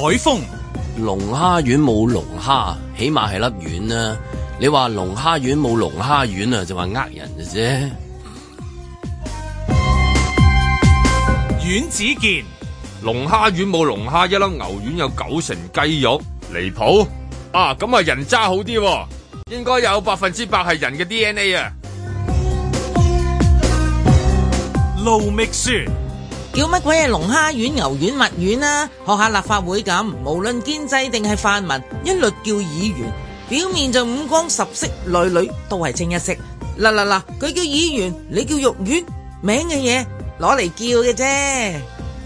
海風龍蝦丸冇龍蝦，起碼係粒丸啦。你話龍蝦丸冇龍蝦丸啊，就話呃人嘅啫。丸子健龍蝦丸冇龍蝦，一粒牛丸有九成雞肉，離譜啊！咁咪人渣好啲，應該有百分之百係人嘅 DNA 啊。盧覓雪。叫乜鬼嘢龍蝦丸、牛丸、墨丸啊。學下立法會咁，無論建制定係泛民，一律叫議員。表面就五光十色，內裏都係清一色。嗱嗱嗱，佢叫議員，你叫肉丸，名嘅嘢攞嚟叫嘅啫，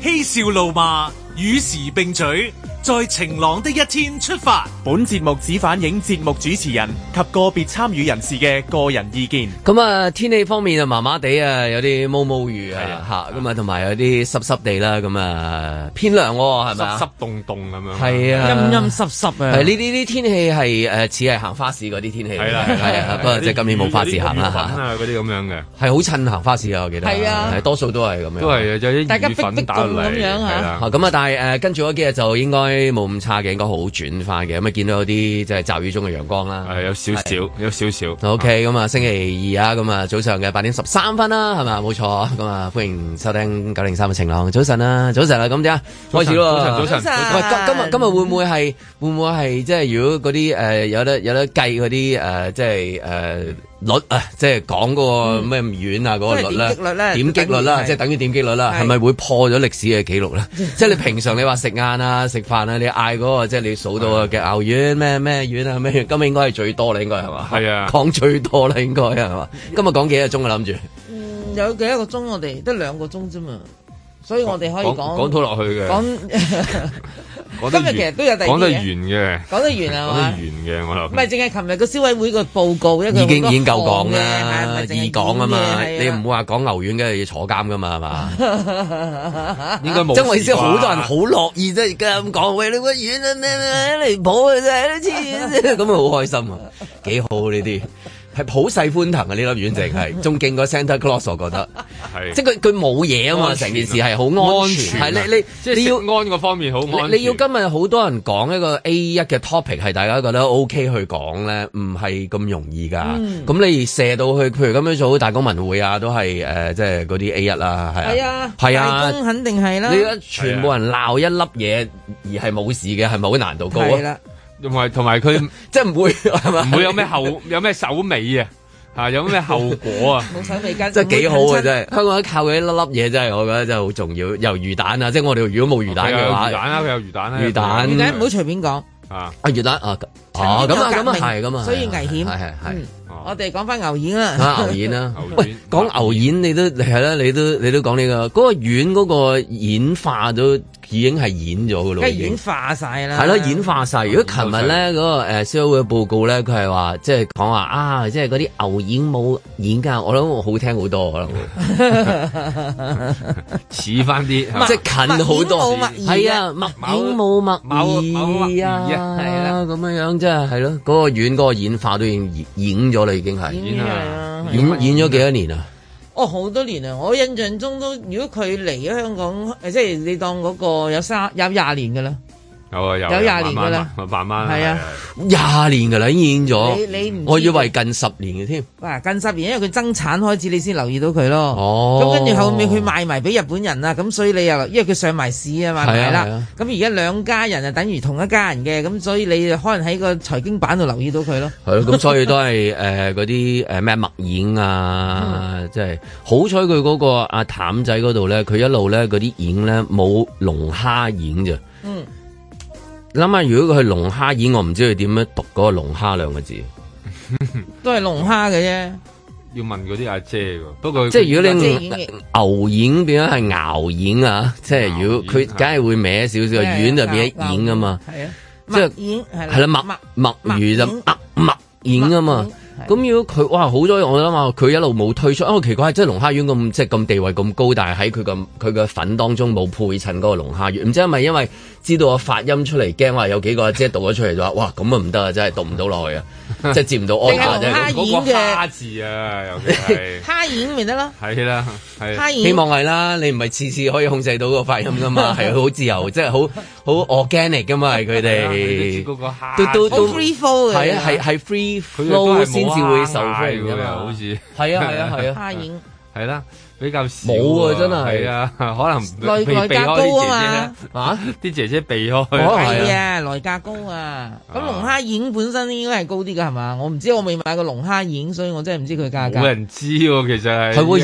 嬉笑怒罵與時並取。在晴朗的一天出發。本節目只反映節目主持人及個別參與人士嘅個人意見。咁啊，天氣方面就麻麻地啊，有啲毛毛雨啊，吓咁啊，同埋有啲濕濕地啦，咁啊偏涼喎，係咪？濕凍凍咁樣。係啊，陰陰濕濕啊。呢呢啲天氣係誒似係行花市嗰啲天氣。係啦，係啊，不過即係今年冇花市行啦吓。嗰啲咁樣嘅係好襯行花市啊，我記得。係啊，多數都係咁樣。都係啊，有啲雨粉打嚟咁樣啊。咁啊，但係誒跟住嗰幾日就應該冇咁差嘅，應該好轉化嘅，咁啊見到有啲即係驟雨中嘅陽光啦，係有少少，是有少少。O K，咁啊星期二啊，咁啊早上嘅八點十三分啦、啊，係咪？冇錯。咁啊歡迎收聽九零三嘅晴朗，早晨啦、啊，早晨啦，咁點啊？開始咯，早晨，早晨。喂，今今日會唔會係會唔會係即係如果嗰啲誒有得有得計嗰啲誒即係誒？呃率啊，即係講嗰個咩丸啊，嗰、嗰個率啦，嗯、點擊率啦，即係等，等於點擊率啦，係咪是 會破咗歷史嘅記錄咧？即係你平常你話食晏啊、食飯啊，你嗌嗰個即係你數到嘅牛丸咩咩丸啊咩，今日應該係最多啦的，應該係嘛？係啊，講最多啦，應該係嘛？今日講幾多個鐘啊？諗住，嗯，有幾多個鐘？我哋得兩個鐘啫嘛。所以我哋可以講講拖落去嘅，講今日其實都有第二講得完嘅，講得完啊嘛，講得完嘅。我唔係淨係琴日個消委會個報告一個已經已經夠講啦，易講啊嘛，你唔好話講牛丸梗係要坐監噶嘛係嘛？應該冇。張偉思，好多人好樂意啫，而家咁講喂，你個院，啊，你你離譜啊真係，黐線，咁咪好開心啊，幾好呢啲。係好世歡騰啊！呢粒丸淨係仲勁過 Santa Claus，我覺得， 即係佢佢冇嘢啊嘛！成、啊、件事係好安全，係、啊、你你你要安個方面好唔安全你，你要今日好多人講一個 A 一嘅 topic 係大家覺得 OK 去講咧，唔係咁容易噶。咁、嗯、你射到去，譬如咁樣做大公文會啊，都係誒、呃，即係嗰啲 A 一啦，係啊，係啊，啊啊大公肯定係啦。你而家全部人鬧一粒嘢而係冇事嘅，係咪好難度高？同埋同埋佢即係唔會係嘛，唔會有咩後有咩手尾啊？吓有咩後果啊？冇手尾跟，係幾好啊！真係香港靠佢一粒粒嘢，真係我覺得真係好重要。有魚蛋啊，即係我哋如果冇魚蛋嘅話，蛋啊，佢有魚蛋啊，魚蛋唔好隨便講啊！啊魚蛋啊，啊咁啊咁啊係咁啊，所以危險係係我哋講翻牛丸啊。牛丸啦。喂，講牛丸你都係啦，你都你都講呢個嗰個丸嗰個演化都。已經係演咗嘅咯，演化曬啦。係咯，演化晒。如果琴日咧嗰個誒社會報告咧，佢係話即係講話啊，即係嗰啲牛演舞演㗎，我諗好聽好多啦，似翻啲，即係近好多，係啊，默影舞默啊，係啦，咁樣樣即係係咯，嗰個演嗰個演化都已經演咗啦，已經係，演啊，演演咗幾多年啦。哦，好多年啦，我印象中都，如果佢嚟咗香港，誒即係你當嗰個有三有廿年嘅啦。有廿年噶啦，慢慢係啊，廿年噶啦已經演咗。你我以為近十年嘅添。哇，近十年，因為佢增產開始，你先留意到佢咯。哦，咁跟住後尾佢賣埋俾日本人啦，咁所以你又，因為佢上埋市啊嘛，係啦。咁而家兩家人啊，等如同一家人嘅，咁所以你可能喺個財經版度留意到佢咯。係咁所以都係誒嗰啲誒咩墨演啊，即係好彩佢嗰個阿譚仔嗰度咧，佢一路咧嗰啲演咧冇龍蝦演啫。嗯。諗下，如果佢係龍蝦丸，我唔知佢點樣讀嗰個龍蝦兩個字，都係龍蝦嘅啫。要問嗰啲阿姐噶，不過即係如果你牛丸變咗係牛丸啊，即係如果佢梗係會歪少少，丸就變丸噶嘛。係啊，即係丸係啦，墨魚就墨墨丸啊嘛。咁如果佢哇好多，我諗啊，佢一路冇退出啊，奇怪，即係龍蝦丸咁即係咁地位咁高，但係喺佢咁佢嘅粉當中冇配襯嗰個龍蝦丸，唔知係咪因為知道個發音出嚟，驚話有幾個即係讀咗出嚟就話，哇咁啊唔得啊，真係讀唔到落去啊，即係接唔到安。你係蝦丸嘅。個蝦字啊，係。蝦丸咪得咯。係啦，蝦丸。希望係啦，你唔係次次可以控制到個發音噶嘛，係好自由，即係好好 organic 噶嘛，佢哋。啊，個係係係.先至哇會受歡迎㗎嘛，好似係啊，係啊，係啊，哈影係啦。 比較少啊，真係係啊，可能內價高啊嘛，啊啲姐姐避開，可能係啊，內價高啊，咁龍蝦丸本身應該係高啲噶係嘛？我唔知，我未買過龍蝦丸，所以我真係唔知佢價格。冇人知喎，其實係係喎，如果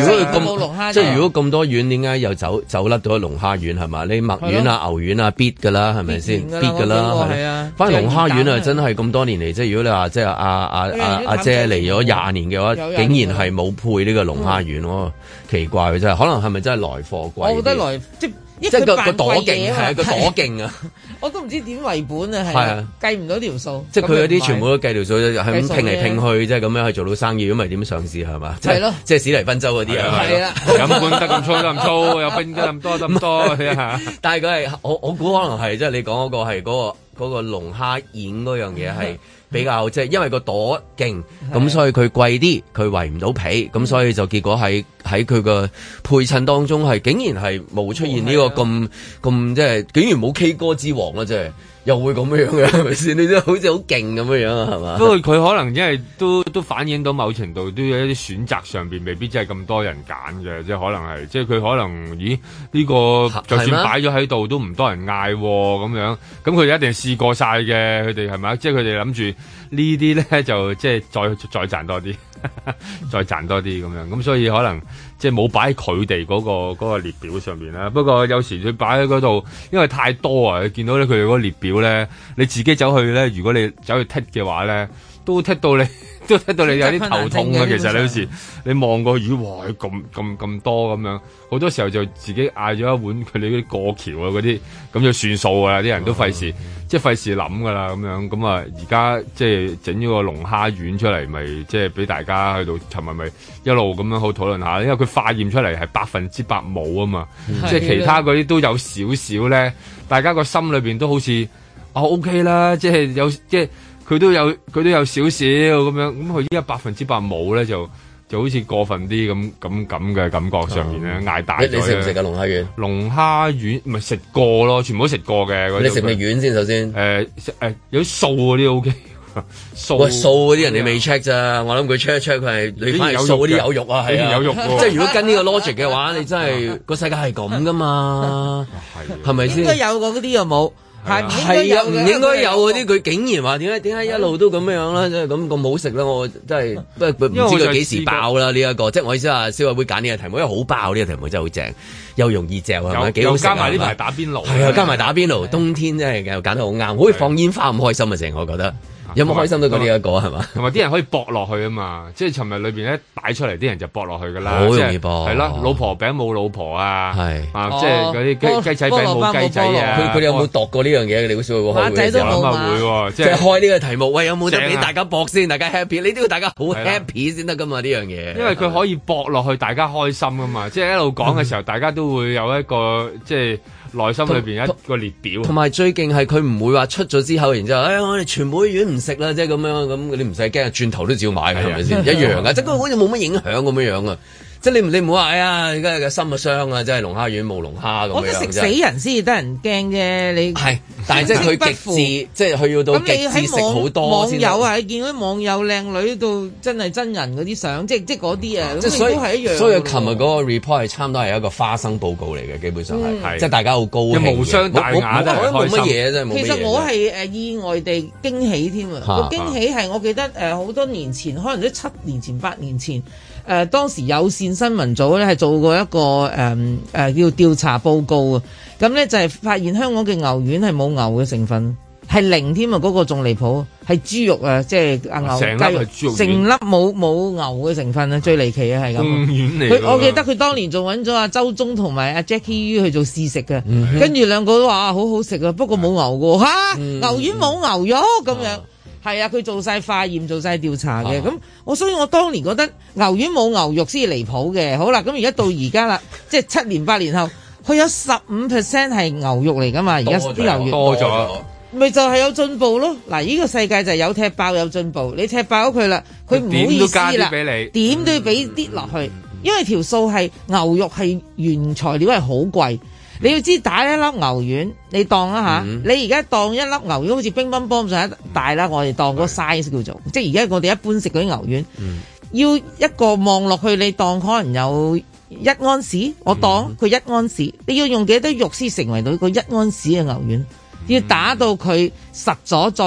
咁即係如果咁多丸，點解又走走甩咗龍蝦丸係嘛？你墨丸啊、牛丸啊必噶啦，係咪先必噶啦？係啊，反而龍蝦丸啊，真係咁多年嚟，即係如果你話即係阿阿阿阿姐嚟咗廿年嘅話，竟然係冇配呢個龍蝦丸。奇怪嘅真係，可能係咪真係來貨貴？我覺得來即係佢個朵勁係啊，朵勁啊！我都唔知點為本啊，係啊，計唔到條數。即係佢嗰啲全部都計條數，係咁拼嚟拼去即係咁樣去做到生意，咁咪點上市係嘛？係咯，即係史嚟芬州嗰啲啊，咁管得咁粗又唔做，又掹得咁多咁唔多，嚇！但係佢係我我估可能係即係你講嗰個係嗰個嗰個龍蝦宴嗰樣嘢係。比較即係，因為個朵勁，咁是的 所以佢貴啲，佢圍唔到皮，咁是的 所以就結果喺喺佢個配襯當中係，竟然係冇出現呢、這個咁咁是的 即係，竟然冇 K 歌之王啦、啊，即係。又會咁樣嘅係咪先？你都好似好勁咁樣啊，係嘛？不過佢可能因為都都反映到某程度，都有一啲選擇上邊未必真係咁多人揀嘅，即係可能係即係佢可能，咦？呢個就算擺咗喺度都唔多人嗌咁樣，咁佢一定試過晒嘅，佢哋係咪？即係佢哋諗住呢啲咧，就即係再再，再賺多啲。 再賺多啲咁樣，咁所以可能即係冇擺喺佢哋嗰個、嗰個列表上面啦。不過有時佢擺喺嗰度，因為太多啊。你見到咧佢哋嗰個列表咧，你自己走去咧，如果你走去剔嘅話咧。都踢到你，都踢到你有啲頭痛啊！其實你好似你望過魚，哇！咁咁咁多咁樣，好多時候就自己嗌咗一碗佢哋嗰啲過橋啊嗰啲，咁就算數㗎啦，啲人都費事、哦，即係費事諗㗎啦咁樣。咁啊，而家即係整咗個龍蝦丸出嚟，咪即係俾大家去到尋日咪一路咁樣好討論下。因為佢化驗出嚟係百分之百冇啊嘛，嗯、即係其他嗰啲都有少少咧。大家個心裏邊都好似啊 OK 啦，即係有即係。佢都有，佢都有少少咁樣，咁佢依家百分之百冇咧，就就好似過分啲咁咁咁嘅感覺上面咧，捱大咗你食唔食嘅龍蝦丸？龍蝦丸咪食過咯，全部都食過嘅。你食咪丸先？首先，誒食有啲素嗰啲 OK，素。喂，素嗰啲人你未 check 咋？我諗佢 check 一 check 佢係裏邊有素嗰啲有肉啊，係啊，有肉。即係如果跟呢個 logic 嘅話，你真係個世界係咁噶嘛？係咪先？應有嗰啲又冇。係係啊，唔應該有嗰啲，佢、啊、竟然話點解點解一路都咁樣啦？即係咁咁好食啦，我真係不唔知佢幾時爆啦呢一個，即係我意思話消委會揀呢個題目，因為好爆呢、呢個題目真係好正，又容易正。係咪有？幾好食加埋呢排打邊爐，係啊，加埋打邊爐，冬天真係又揀得好啱，可以、啊、放煙花咁開心啊！成我覺得。有冇開心得過呢一個係嘛？同埋啲人可以搏落去啊嘛！即係尋日裏邊咧擺出嚟，啲人就搏落去噶啦。好容易搏係咯，老婆餅冇老婆啊，係即係嗰啲雞雞仔餅冇雞仔啊。佢佢有冇度過呢樣嘢？你會笑會開會啊嘛？會即係開呢個題目，喂，有冇得俾大家搏先？大家 happy，你都要大家好 happy 先得噶嘛？呢樣嘢，因為佢可以搏落去，大家開心噶嘛！即係一路講嘅時候，大家都會有一個即係。內心裏邊一個列表，同埋最勁係佢唔會話出咗之後，然之後，哎我哋全部院唔食啦，即係咁樣咁，你唔使驚，轉頭都照買，係咪先一樣啊？即係的好似冇乜影響咁樣樣啊！即係你你唔好話，哎呀，而家個心啊傷啊，即係龍蝦丸冇龍蝦咁樣。我覺得食死人先至得人驚啫，你係，但係即係佢極致，即係佢要到極致食好多。網友啊見到網友靚女到真係真人嗰啲相，即即嗰啲誒，咁亦都係一樣。所以琴日嗰個 report 係差唔多係一個花生報告嚟嘅，基本上係，即係大家好高興。無傷大雅。冇乜嘢。其實我係誒意外地驚喜添啊！個驚喜係我記得誒好多年前，可能都七年前、八年前。誒、呃、當時有線新聞組咧係做過一個誒誒、呃、叫，叫調查報告啊，咁咧就係、是、發現香港嘅牛丸係冇牛嘅成分，係零添啊！嗰、那個仲離譜，係豬肉啊，即係啊牛雞肉，成粒冇冇牛嘅成分啊，最離奇啊，係咁。牛丸嚟，我記得佢當年仲揾咗阿周忠同埋、啊、阿 Jackie 去做試食嘅，嗯、哼跟住兩個都話、啊、好好食啊，不過冇牛㗎喎、嗯、哼牛丸冇牛肉咁樣。嗯係啊，佢做晒化驗，做晒調查嘅。咁我、啊、所以我當年覺得牛丸冇牛肉先離譜嘅。好啦，咁而家到而家啦， 即係七年八年後，佢有十五 percent 係牛肉嚟噶嘛？而家啲牛肉多咗，咪就係有進步咯。嗱，呢、呢個世界就係有踢爆有進步。你踢爆咗佢啦，佢唔好意思啦，點都，你點都要俾啲落去，嗯嗯嗯嗯、因為條數係牛肉係原材料係好貴。你要知打一粒牛丸，你當一下。嗯、你而家當一粒牛丸好似乒乓波咁上下大啦，我哋當個 size 的叫做，即係而家我哋一般食嗰啲牛丸，嗯、要一個望落去，你當可能有一安士，我當佢一安士，嗯、你要用幾多肉先成為到個一安士嘅牛丸，嗯、要打到佢實咗，再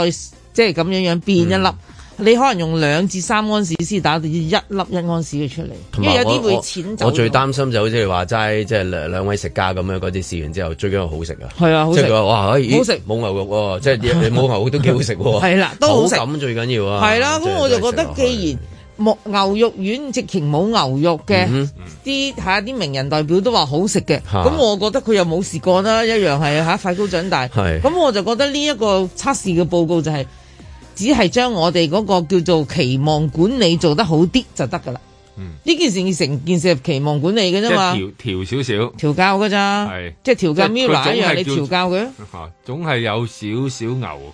即係咁樣樣變一粒。嗯嗯你可能用兩至三安士先打到一粒一安士嘅出嚟，因為有啲會淺走我我。我最擔心就好似你話齋，即係兩兩位食家咁樣嗰啲試完之後，最緊要好食啊！係啊，好食！哇，可、哎、以好食吃冇牛肉喎、啊， 即係你冇牛肉都幾好食喎。係啦、 啊，都好食，口感最緊要啊！係啦、啊，咁我就覺得，既然冇牛肉丸直情冇牛肉嘅，啲嚇啲名人代表都話好食嘅，咁、啊、我覺得佢又冇試過啦一樣係嚇，快高長大，咁、啊、我就覺得呢一個測試嘅報告就係、是。只係將我哋嗰個叫做期望管理做得好啲就得噶啦。呢、嗯、件事成件事係期望管理嘅啫嘛，調調少少，調教噶咋，係是即係調教 Mirror 一樣，你調教嘅，總係有少少牛。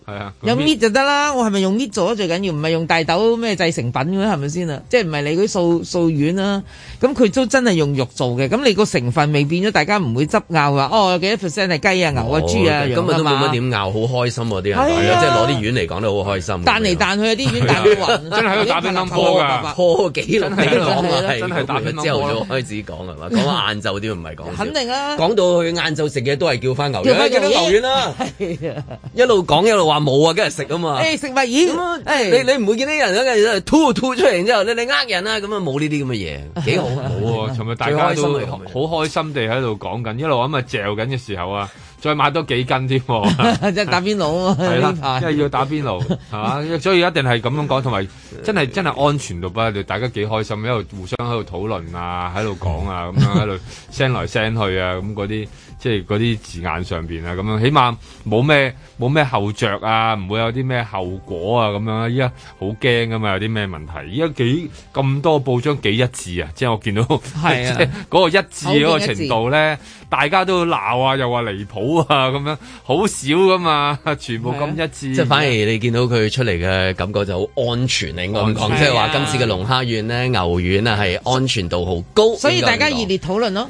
有搣就得啦，我係咪用搣做最緊要，唔係用大豆咩製成品嘅咧，係咪先啊？即係唔係你嗰啲素素丸啦？咁佢都真係用肉做嘅，咁你個成分未變咗，大家唔會執拗話哦幾多 percent 係雞啊牛啊豬啊，今日都冇乜點拗，好開心嗰啲人係啊，即係攞啲丸嚟講都好開心，彈嚟彈去啲丸，真係打乒乓波噶，波幾耐講啊？真打到朝頭早開始講係嘛？講到晏晝啲，唔係講，肯定啊，講到去晏晝食嘢都係叫翻牛丸。叫翻啲牛丸啦，一路講一路話。冇啊，梗係食啊嘛，誒食物語，誒你你唔會見啲人咧，吐吐出嚟，之後你你呃人啦，咁啊冇呢啲咁嘅嘢，幾好啊！冇啊，尋日大家都好開心地喺度講緊，一路咁啊嚼緊嘅時候啊，再買多幾斤添，即係打邊爐啊，係啦，即係要打邊爐，係嘛？所以一定係咁樣講，同埋真係真係安全到不？大家幾開心，一度互相喺度討論啊，喺度講啊，咁樣喺度 send 來 send 去啊，咁嗰啲。即係嗰啲字眼上邊啊，咁樣，起碼冇咩冇咩後着啊，唔會有啲咩後果啊，咁樣咧，依家好驚噶嘛，有啲咩問題？依家幾咁多報章幾一致啊，即係我見到係啊，嗰個一致嗰個程度咧，大家都鬧啊，又話離譜啊，咁樣好少噶嘛，全部咁一致。即係、啊、反而你見到佢出嚟嘅感覺就好安全，應該咁講，即係話今次嘅龍蝦丸咧、牛丸啊係安全度好高，所以大家熱烈討論咯，哦。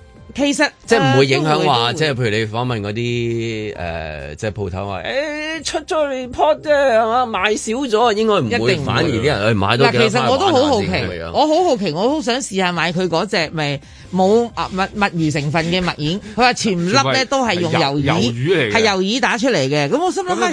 其實、啊、即係唔會影響話，即係會譬如你訪問嗰啲誒，即係鋪頭話，誒、欸、出咗嚟 pot 啫，係嘛買少咗，應該唔會，一定會反而啲人去買多去。其實我都好奇我好奇，我好好奇，我都想試下買佢嗰隻，咪冇啊墨墨魚成分嘅墨丸，佢話全粒咧都係用油魚，係油 魚，魚，魚打出嚟嘅。咁我心諗下，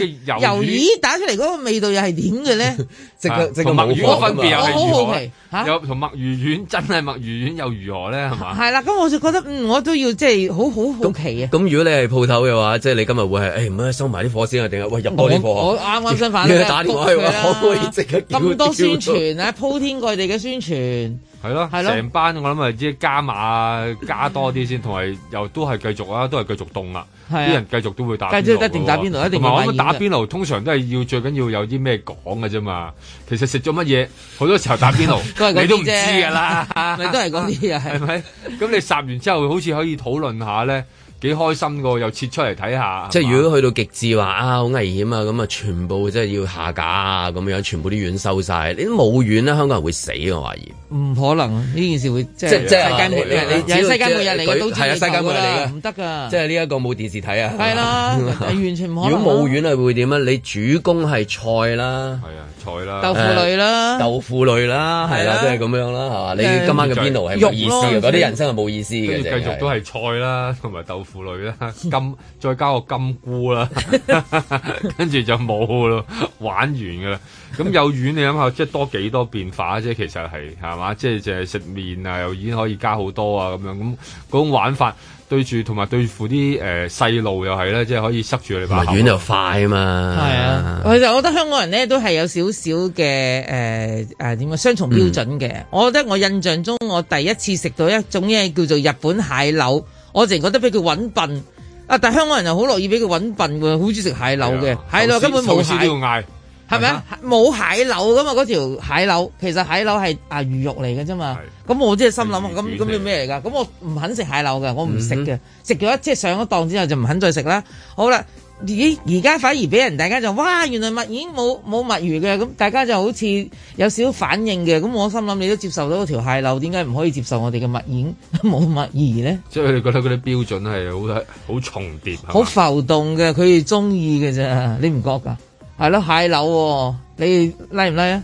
油魚，魚打出嚟嗰個味道又係點嘅咧？ 即個，同墨魚嘅分別又如何？好好奇啊、又同墨魚丸真係墨魚丸又如何咧？係嘛、啊？係啦吧，咁我就覺得，嗯，我都要即係好好好奇啊！咁如果你係鋪頭嘅話，即係你今日會係，誒唔好收埋啲貨先啊，定係喂入貨？我啱啱新翻嚟，麼你打電話係嘛？可唔、啊、可以即刻？咁多宣傳啊， 鋪天蓋地嘅宣傳。係咯，成班 我諗係即係加碼加多啲先，同埋又都係繼續，繼續 啊，都係繼續凍啦，啲人繼續都會打。即、啊、一定打邊爐，一定打邊爐。同埋我諗打邊爐通常都係要 最緊要有啲咩講嘅啫嘛。其實食咗乜嘢，好多時候打邊爐， 都 你都唔知噶啦，你 都係嗰啲啊，係咪？ 咁你煠完之後，好似可以討論下咧。幾開心㗎，又切出嚟睇下。即係如果去到極致話啊，好危險啊，咁啊，全部即係要下架啊，咁樣全部啲院收晒。你都冇院咧，香港人會死嘅，我懷疑。唔可能，呢件事會即係世界末日。你世界末日你世界末日你唔得㗎。即係呢一個冇電視睇啊。係啦，係完全冇可能。如果冇院係會點啊？你主攻係菜啦，係啊，菜啦，豆腐類啦，豆腐類啦，係啦，即係咁樣啦，係嘛？你今晚嘅邊路係肉。意思，嗰啲人生係冇意思嘅。繼續都係菜啦，同埋豆。父女啦，金再加個金菇啦， 跟住就冇咯，玩完噶啦。咁有丸，你諗下，即係多幾多變化啫。即其實係係嘛，即係就係食麵啊，又已經可以加好多啊，咁樣咁種玩法，對住同埋對付啲誒細路又係咧，即係可以塞住你把口。丸又快嘛，係啊。其實我覺得香港人咧都係有少少嘅誒誒點，點樣、呃、啊雙重標準嘅。嗯、我覺得我印象中，我第一次食到一種嘢叫做日本蟹柳。我淨係覺得俾佢揾笨啊！但係香港人又好樂意俾佢揾笨喎，好中意食蟹柳嘅，係咯，根本冇蟹都要嗌，係咪啊？冇吧 蟹柳㗎嘛，嗰條蟹柳其實蟹柳係啊魚肉嚟嘅啫嘛。咁的我即係心諗啊，咁咁叫咩嚟噶？咁的我唔肯食蟹柳嘅，我唔食嘅，食咗一即係上咗當之後就唔肯再食啦。好啦。而家反而俾人大家就哇，原來墨丸冇冇墨魚嘅，咁大家就好似有少少反應嘅。咁我心諗你都接受到條蟹柳，點解唔可以接受我哋嘅墨丸冇 墨魚呢？即係佢哋覺得嗰啲標準係好好重疊，好浮動嘅，佢哋中意嘅啫，你唔覺㗎？係咯，蟹柳你拉唔拉，OK、啊？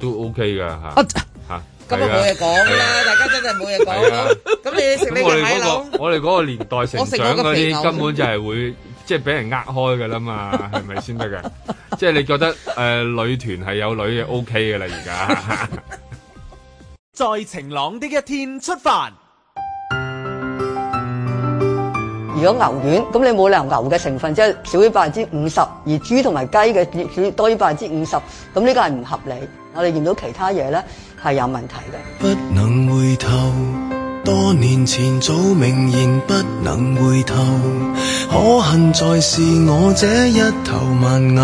都 OK 㗎嚇嚇，咁啊冇嘢講啦，啊、大家真係冇嘢講，咁你食呢個蟹柳？我哋嗰、那個、個年代成長嗰啲 根本就係會。即係俾人呃開噶啦嘛，係咪先得噶？ 即係你覺得誒、呃，女團係有女嘅 O K 嘅啦，而家。 再晴朗啲嘅天出發。如果牛丸咁，你冇理由牛嘅成分即係少於百分之五十，而豬同埋雞嘅少多於百分之五十，咁呢個係唔合理。我哋驗到其他嘢咧係有問題嘅。不能回頭。多年前早明言不能回頭，可恨在是我這一頭蠻牛。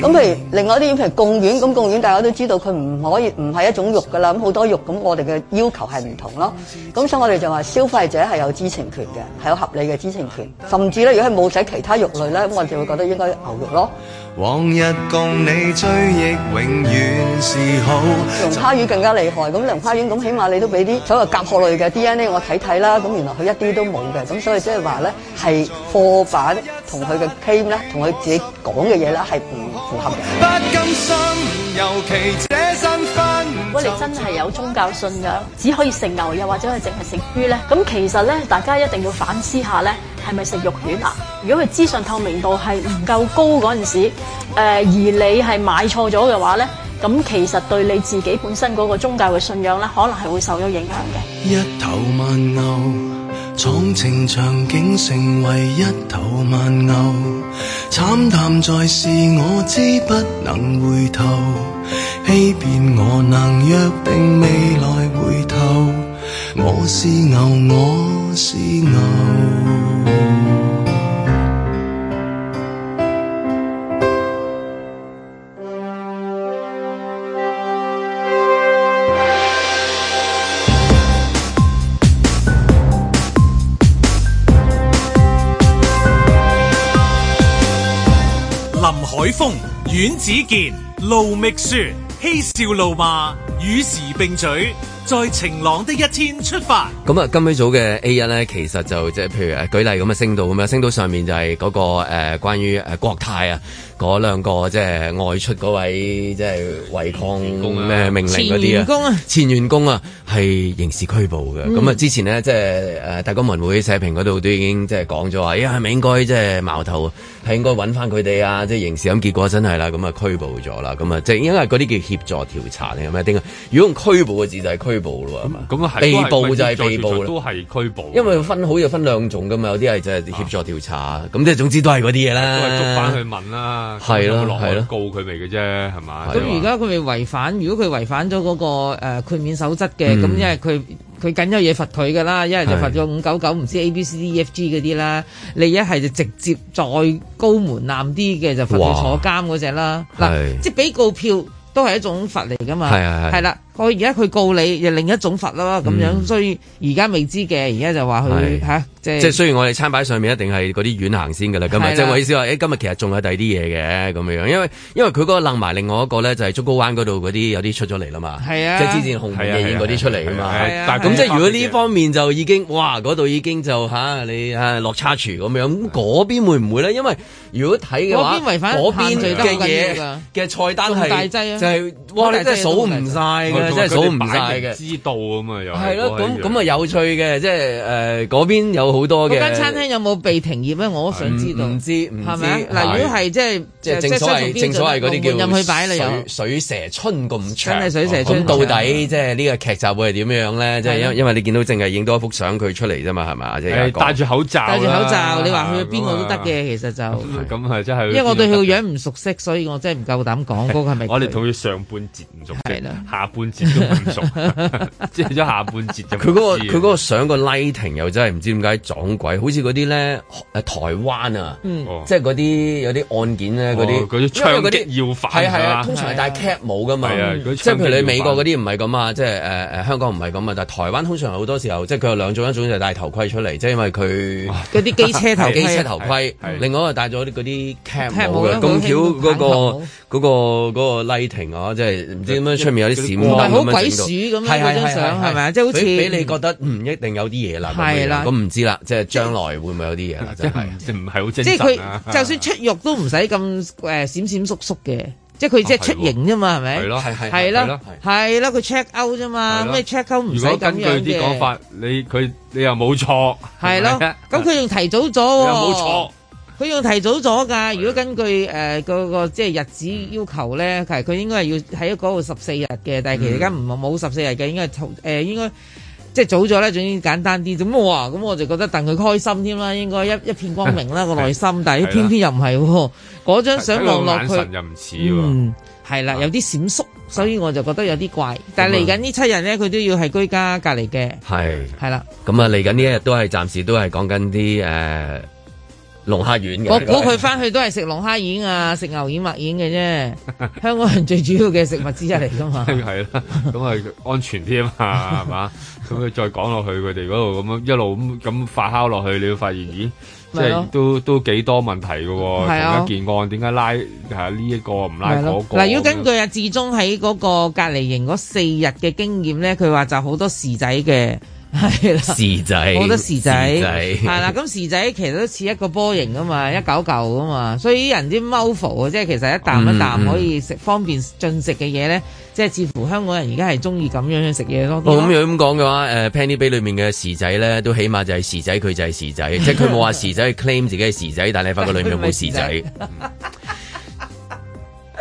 咁譬如另外一啲，譬如貢丸，咁貢丸大家都知道佢唔可以唔係一種肉噶啦，咁好多肉咁，我哋嘅要求係唔同咯。咁所以我哋就話消費者係有知情權嘅，係有合理嘅知情權，甚至咧，如果係冇使其他肉類咧，咁我哋就會覺得應該牛肉咯。往日共你追憶，永遠是好。龍蝦魚更加厲害，咁龍蝦魚咁起碼你都俾啲所謂甲殼類嘅 DNA，我睇睇啦，咁原來佢一啲都冇嘅，咁所以即係話咧，係課本同佢嘅 claim 咧，同佢自己講嘅嘢咧係唔符合嘅。不甘心，尤其這三分如果你真係有宗教信仰，只可以食牛又或者係淨係食豬咧，咁其實咧，大家一定要反思下咧。係咪食肉丸啊？如果佢資訊透明度係唔夠高嗰陣時，誒而你係買錯咗嘅話咧，咁其實對你自己本身嗰個中介嘅信仰咧，可能係會受咗影響嘅。一頭蠻牛闖情場竟成為一頭蠻牛，慘淡在是我知不能回頭，欺騙我能約定未來回頭，我是牛，我是牛。風阮子健盧覓雪，嬉笑怒罵，與時並嘴，在晴朗的一天出發。咁啊，今朝早嘅 A 一咧，其實就即係譬如誒，舉例咁啊，升到咁啊，升到上面就係嗰、那個誒、呃、關於誒國泰啊。嗰兩個即係、就是、外出嗰位，即係違抗咩命令嗰啲啊？前員工啊，前員工啊，係刑事拘捕嘅。咁啊、嗯，之前呢，即係誒，大公文匯社評嗰度都已經即係講咗話，咦、就是，係咪、哎、應該即係、就是、矛頭係應該揾翻佢哋啊？即、就、係、是、刑事咁，結果真係啦，咁啊拘捕咗啦，咁啊即係因為嗰啲叫協助調查定係咩？點解如果用拘捕嘅字就係拘捕咯？咁啊、嗯，被捕就係被捕都係拘捕。拘捕因為分好又分兩種㗎嘛，有啲係即係協助調查，咁即係總之都係嗰啲嘢啦。都係捉翻去問啦、啊。係咯，係咯、啊，啊啊、告佢咪嘅啫，係嘛。咁而家佢咪違反，如果佢違反咗嗰、嗰個呃、豁免守則嘅，咁因為佢佢緊有嘢罰佢噶啦，一係就罰咗五九九唔知 A B C D E F G 嗰啲啦。啊、你一係就直接再高門檻啲嘅就罰佢坐監嗰隻啦。嗱、啊，即係俾告票。都係一種佛嚟噶嘛，係啦。佢而家佢告你又另一種佛咯咁樣，所以而家未知嘅。而家就話佢嚇，即係即係雖然我哋餐牌上面一定係嗰啲遠行先噶啦，咁啊，即係我意思話，今日其實仲有第二啲嘢嘅咁樣，因為因為佢嗰個楞埋另外一個咧，就係竹篙灣嗰度嗰啲有啲出咗嚟啦嘛，係啊，即係之前紅遍夜嗰啲出嚟啊嘛。但咁即係如果呢方面就已經哇嗰度已經就嚇你落叉廚咁樣，咁嗰邊會唔會咧？因為如果睇嘅話，嗰邊違反嗰邊嘅嘢嘅菜單係。係哇！你真係數唔晒嘅，真係數唔晒嘅。知道咁啊又係咯，咁咁啊有趣嘅，即係誒嗰邊有好多嘅。嗰間餐廳有冇被停業咧？我想知道。知唔咪？嗱，如果係即係即係正所謂正所謂嗰啲叫水蛇春咁長水蛇春。咁到底即係呢個劇集會係點樣咧？即係因因為你見到淨係影到一幅相佢出嚟啫嘛，係咪？即係戴住口罩。戴住口罩，你話去邊個都得嘅，其實就咁啊，真係。因為我對佢個樣唔熟悉，所以我真係唔夠膽講嗰個係咪佢。上半截唔熟，係啦，下半截都唔熟，即係咗下半截就佢嗰個佢嗰個上個 lighting 又真係唔知點解撞鬼，好似嗰啲咧，誒台灣啊，即係嗰啲有啲案件咧，嗰啲嗰啲槍擊要犯，係啊，通常係戴 cap 帽噶嘛，即係譬如你美國嗰啲唔係咁啊，即係誒誒香港唔係咁啊，但係台灣通常好多時候即係佢有兩種，一種就戴頭盔出嚟，即係因為佢嗰啲機車頭機車頭盔，另外一又戴咗啲嗰啲 cap 帽咁巧個。嗰個嗰個麗婷啊，即係唔知點樣出面有啲閃，唔係好鬼鼠咁樣張相，係咪？即係好似俾你覺得唔一定有啲嘢啦，係啦，咁唔知啦，即係將來會唔會有啲嘢啦？即係唔係好即係佢就算出獄都唔使咁誒閃閃縮縮嘅，即係佢即係出營啫嘛，係咪？係咯，係係啦，係佢 check out 啫嘛，咩 check out 唔使咁樣。如果根據啲講法，你佢你又冇錯，係咯，咁佢仲提早咗，又冇錯。佢要提早咗噶，如果根據誒個即係日子要求咧，其實佢應該係要喺嗰度十四日嘅，但係其實而家唔冇十四日嘅，應該誒應該即係早咗咧，總之簡單啲咁我咁我就覺得戥佢開心添啦，應該一一片光明啦個內心，但係偏偏又唔係喎。嗰張相望落去，眼神又唔似喎，係啦，有啲閃縮，所以我就覺得有啲怪。但係嚟緊呢七日咧，佢都要係居家隔離嘅，係係啦。咁啊，嚟緊呢一日都係暫時都係講緊啲誒。龍蝦丸嘅，我估佢翻去都係食龍蝦丸啊，食牛麥丸、墨丸嘅啫。香港人最主要嘅食物之一嚟噶嘛，係 啦， 咁係安全啲啊嘛，係、嗯、嘛？咁佢再講落去，佢哋嗰度咁樣一路咁咁發酵落去，你會發現，咦、欸，即係都都幾多問題嘅喎？點解件案點解拉係呢一個唔拉嗰個？ 嗱，如果根據阿志忠喺嗰個隔離營嗰四日嘅經驗咧，佢話就好多時仔嘅。係啦，薯仔我覺得薯仔，係啦。咁薯仔，仔其實都似一個波形噶嘛，一嚿嚿噶嘛。所以啲人啲貓撲啊，即係其實一啖一啖可以食方便進食嘅嘢咧，嗯、即係似乎香港人而家係中意咁樣、嗯嗯、樣食嘢多啲。哦，咁樣咁講嘅話，誒 Penny Bay 裡面嘅薯仔咧，都起碼就係薯仔，佢就係薯仔， 即係佢冇話薯仔去 claim 自己係薯仔，但係你發覺裡面有冇薯仔。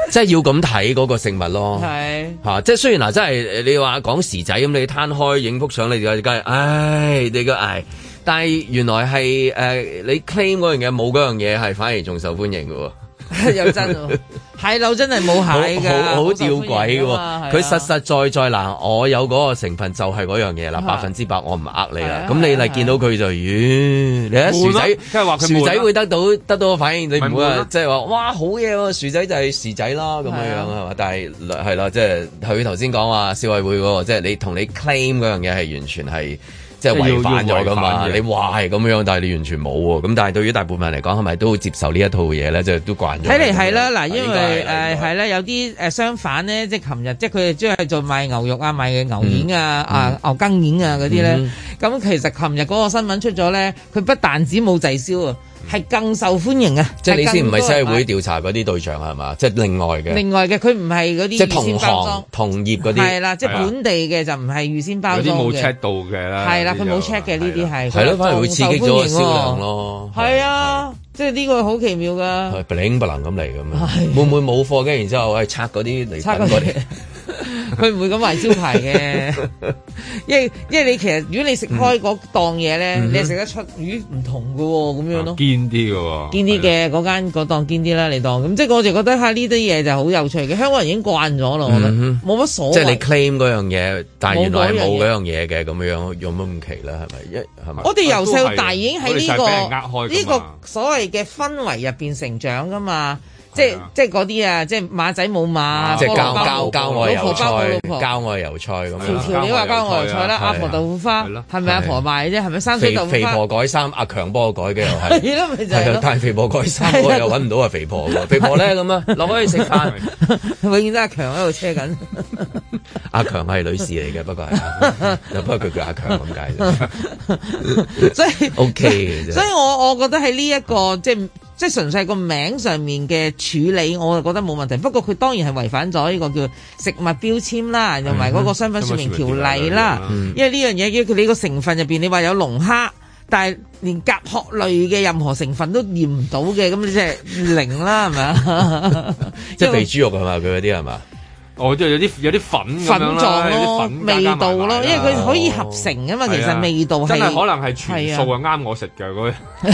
即係要咁睇嗰個食物咯，係嚇是、啊，即係雖然嗱，真係你話講時仔咁，你攤開影幅相，你就梗係，唉，你個唉，但係原來係誒、呃，你 claim 嗰樣嘢冇嗰樣嘢係反而仲受歡迎嘅喎、啊， 又真 蟹柳真係冇蟹嘅，好吊詭嘅。佢 實實在在嗱，我有嗰個成分就係嗰樣嘢啦，百分之百我唔呃你啦。咁的你嚟見到佢就咦？的你睇薯仔，即係話佢薯仔會得到會得到個了反應你唔會啊，即係話哇好嘢喎！薯仔就係薯仔啦咁樣係嘛？但係係咯，即係佢頭先講話消委會喎，即係你同你 claim 嗰樣嘢係完全係。即係違反咗噶嘛？你話係咁樣，但係你完全冇喎。咁但係對於大部分人嚟講，係咪都接受呢一套嘢咧？就都慣咗。睇嚟係啦，嗱，因為誒係啦，有啲誒相反咧，即係琴日，即係佢哋即係做賣牛肉啊、賣嘅牛丸啊、啊牛羹丸啊嗰啲咧。咁其實琴日嗰個新聞出咗咧，佢不但止冇滯銷啊。係更受歡迎啊！即係你先唔係社會調查嗰啲對象係嘛？即係另外嘅。另外嘅佢唔係嗰啲。即係同行、同業嗰啲。係啦，即係本地嘅就唔係預先包裝。有啲冇 check 到嘅啦。係啦，佢冇 check 嘅呢啲係。係咯，反而會刺激咗銷量咯。係啊，即係呢個好奇妙㗎。係不能咁嚟㗎嘛。會唔會冇貨嘅？然之後去拆嗰啲嚟。啲。佢唔會咁賣招牌嘅，因為因為你其實如果你食開嗰檔嘢咧,你食得出魚唔同嘅喎，咁樣咯，堅啲嘅，堅啲嘅嗰間嗰檔堅啲啦，你當，咁即係我就覺得吓呢啲嘢就好有趣嘅。香港人已經慣咗咯，我覺得冇乜所謂。即係你 claim 嗰樣嘢，但係原來冇嗰樣嘢嘅，咁樣有乜咁奇啦？係咪一係咪？我哋由細到大已經喺呢個呢個所謂嘅氛圍入邊成長噶嘛。即係即係嗰啲啊！即係馬仔冇馬，老婆包冇老婆。郊外油菜咁樣，條條料啊郊外油菜啦，阿婆豆腐花係咪阿婆賣嘅啫？係咪山水豆腐花？肥肥婆改衫，阿強幫我改嘅又係，但係肥婆改衫我又揾唔到阿肥婆肥婆咧，咁啊落去食飯，永遠都阿強喺度車緊。阿強係女士嚟嘅，不過係，不過佢叫阿強咁解啫。所以 OK，所以我我覺得喺呢一個即係。即係純粹個名上面嘅處理，我就覺得冇問題。不過佢當然係違反咗呢個叫食物標籤啦，同埋嗰個商品說明條例啦。嗯、因為呢樣嘢，因為佢你個成分入邊，你話有龍蝦，但係連甲殼類嘅任何成分都驗唔到嘅，咁即係零啦，係咪啊？即係肥豬肉係咪？佢嗰啲係嘛？哦，即係有啲有啲粉狀啲粉味道咯，因為佢可以合成嘅嘛，其實味道真係可能係全素，係啱我食嘅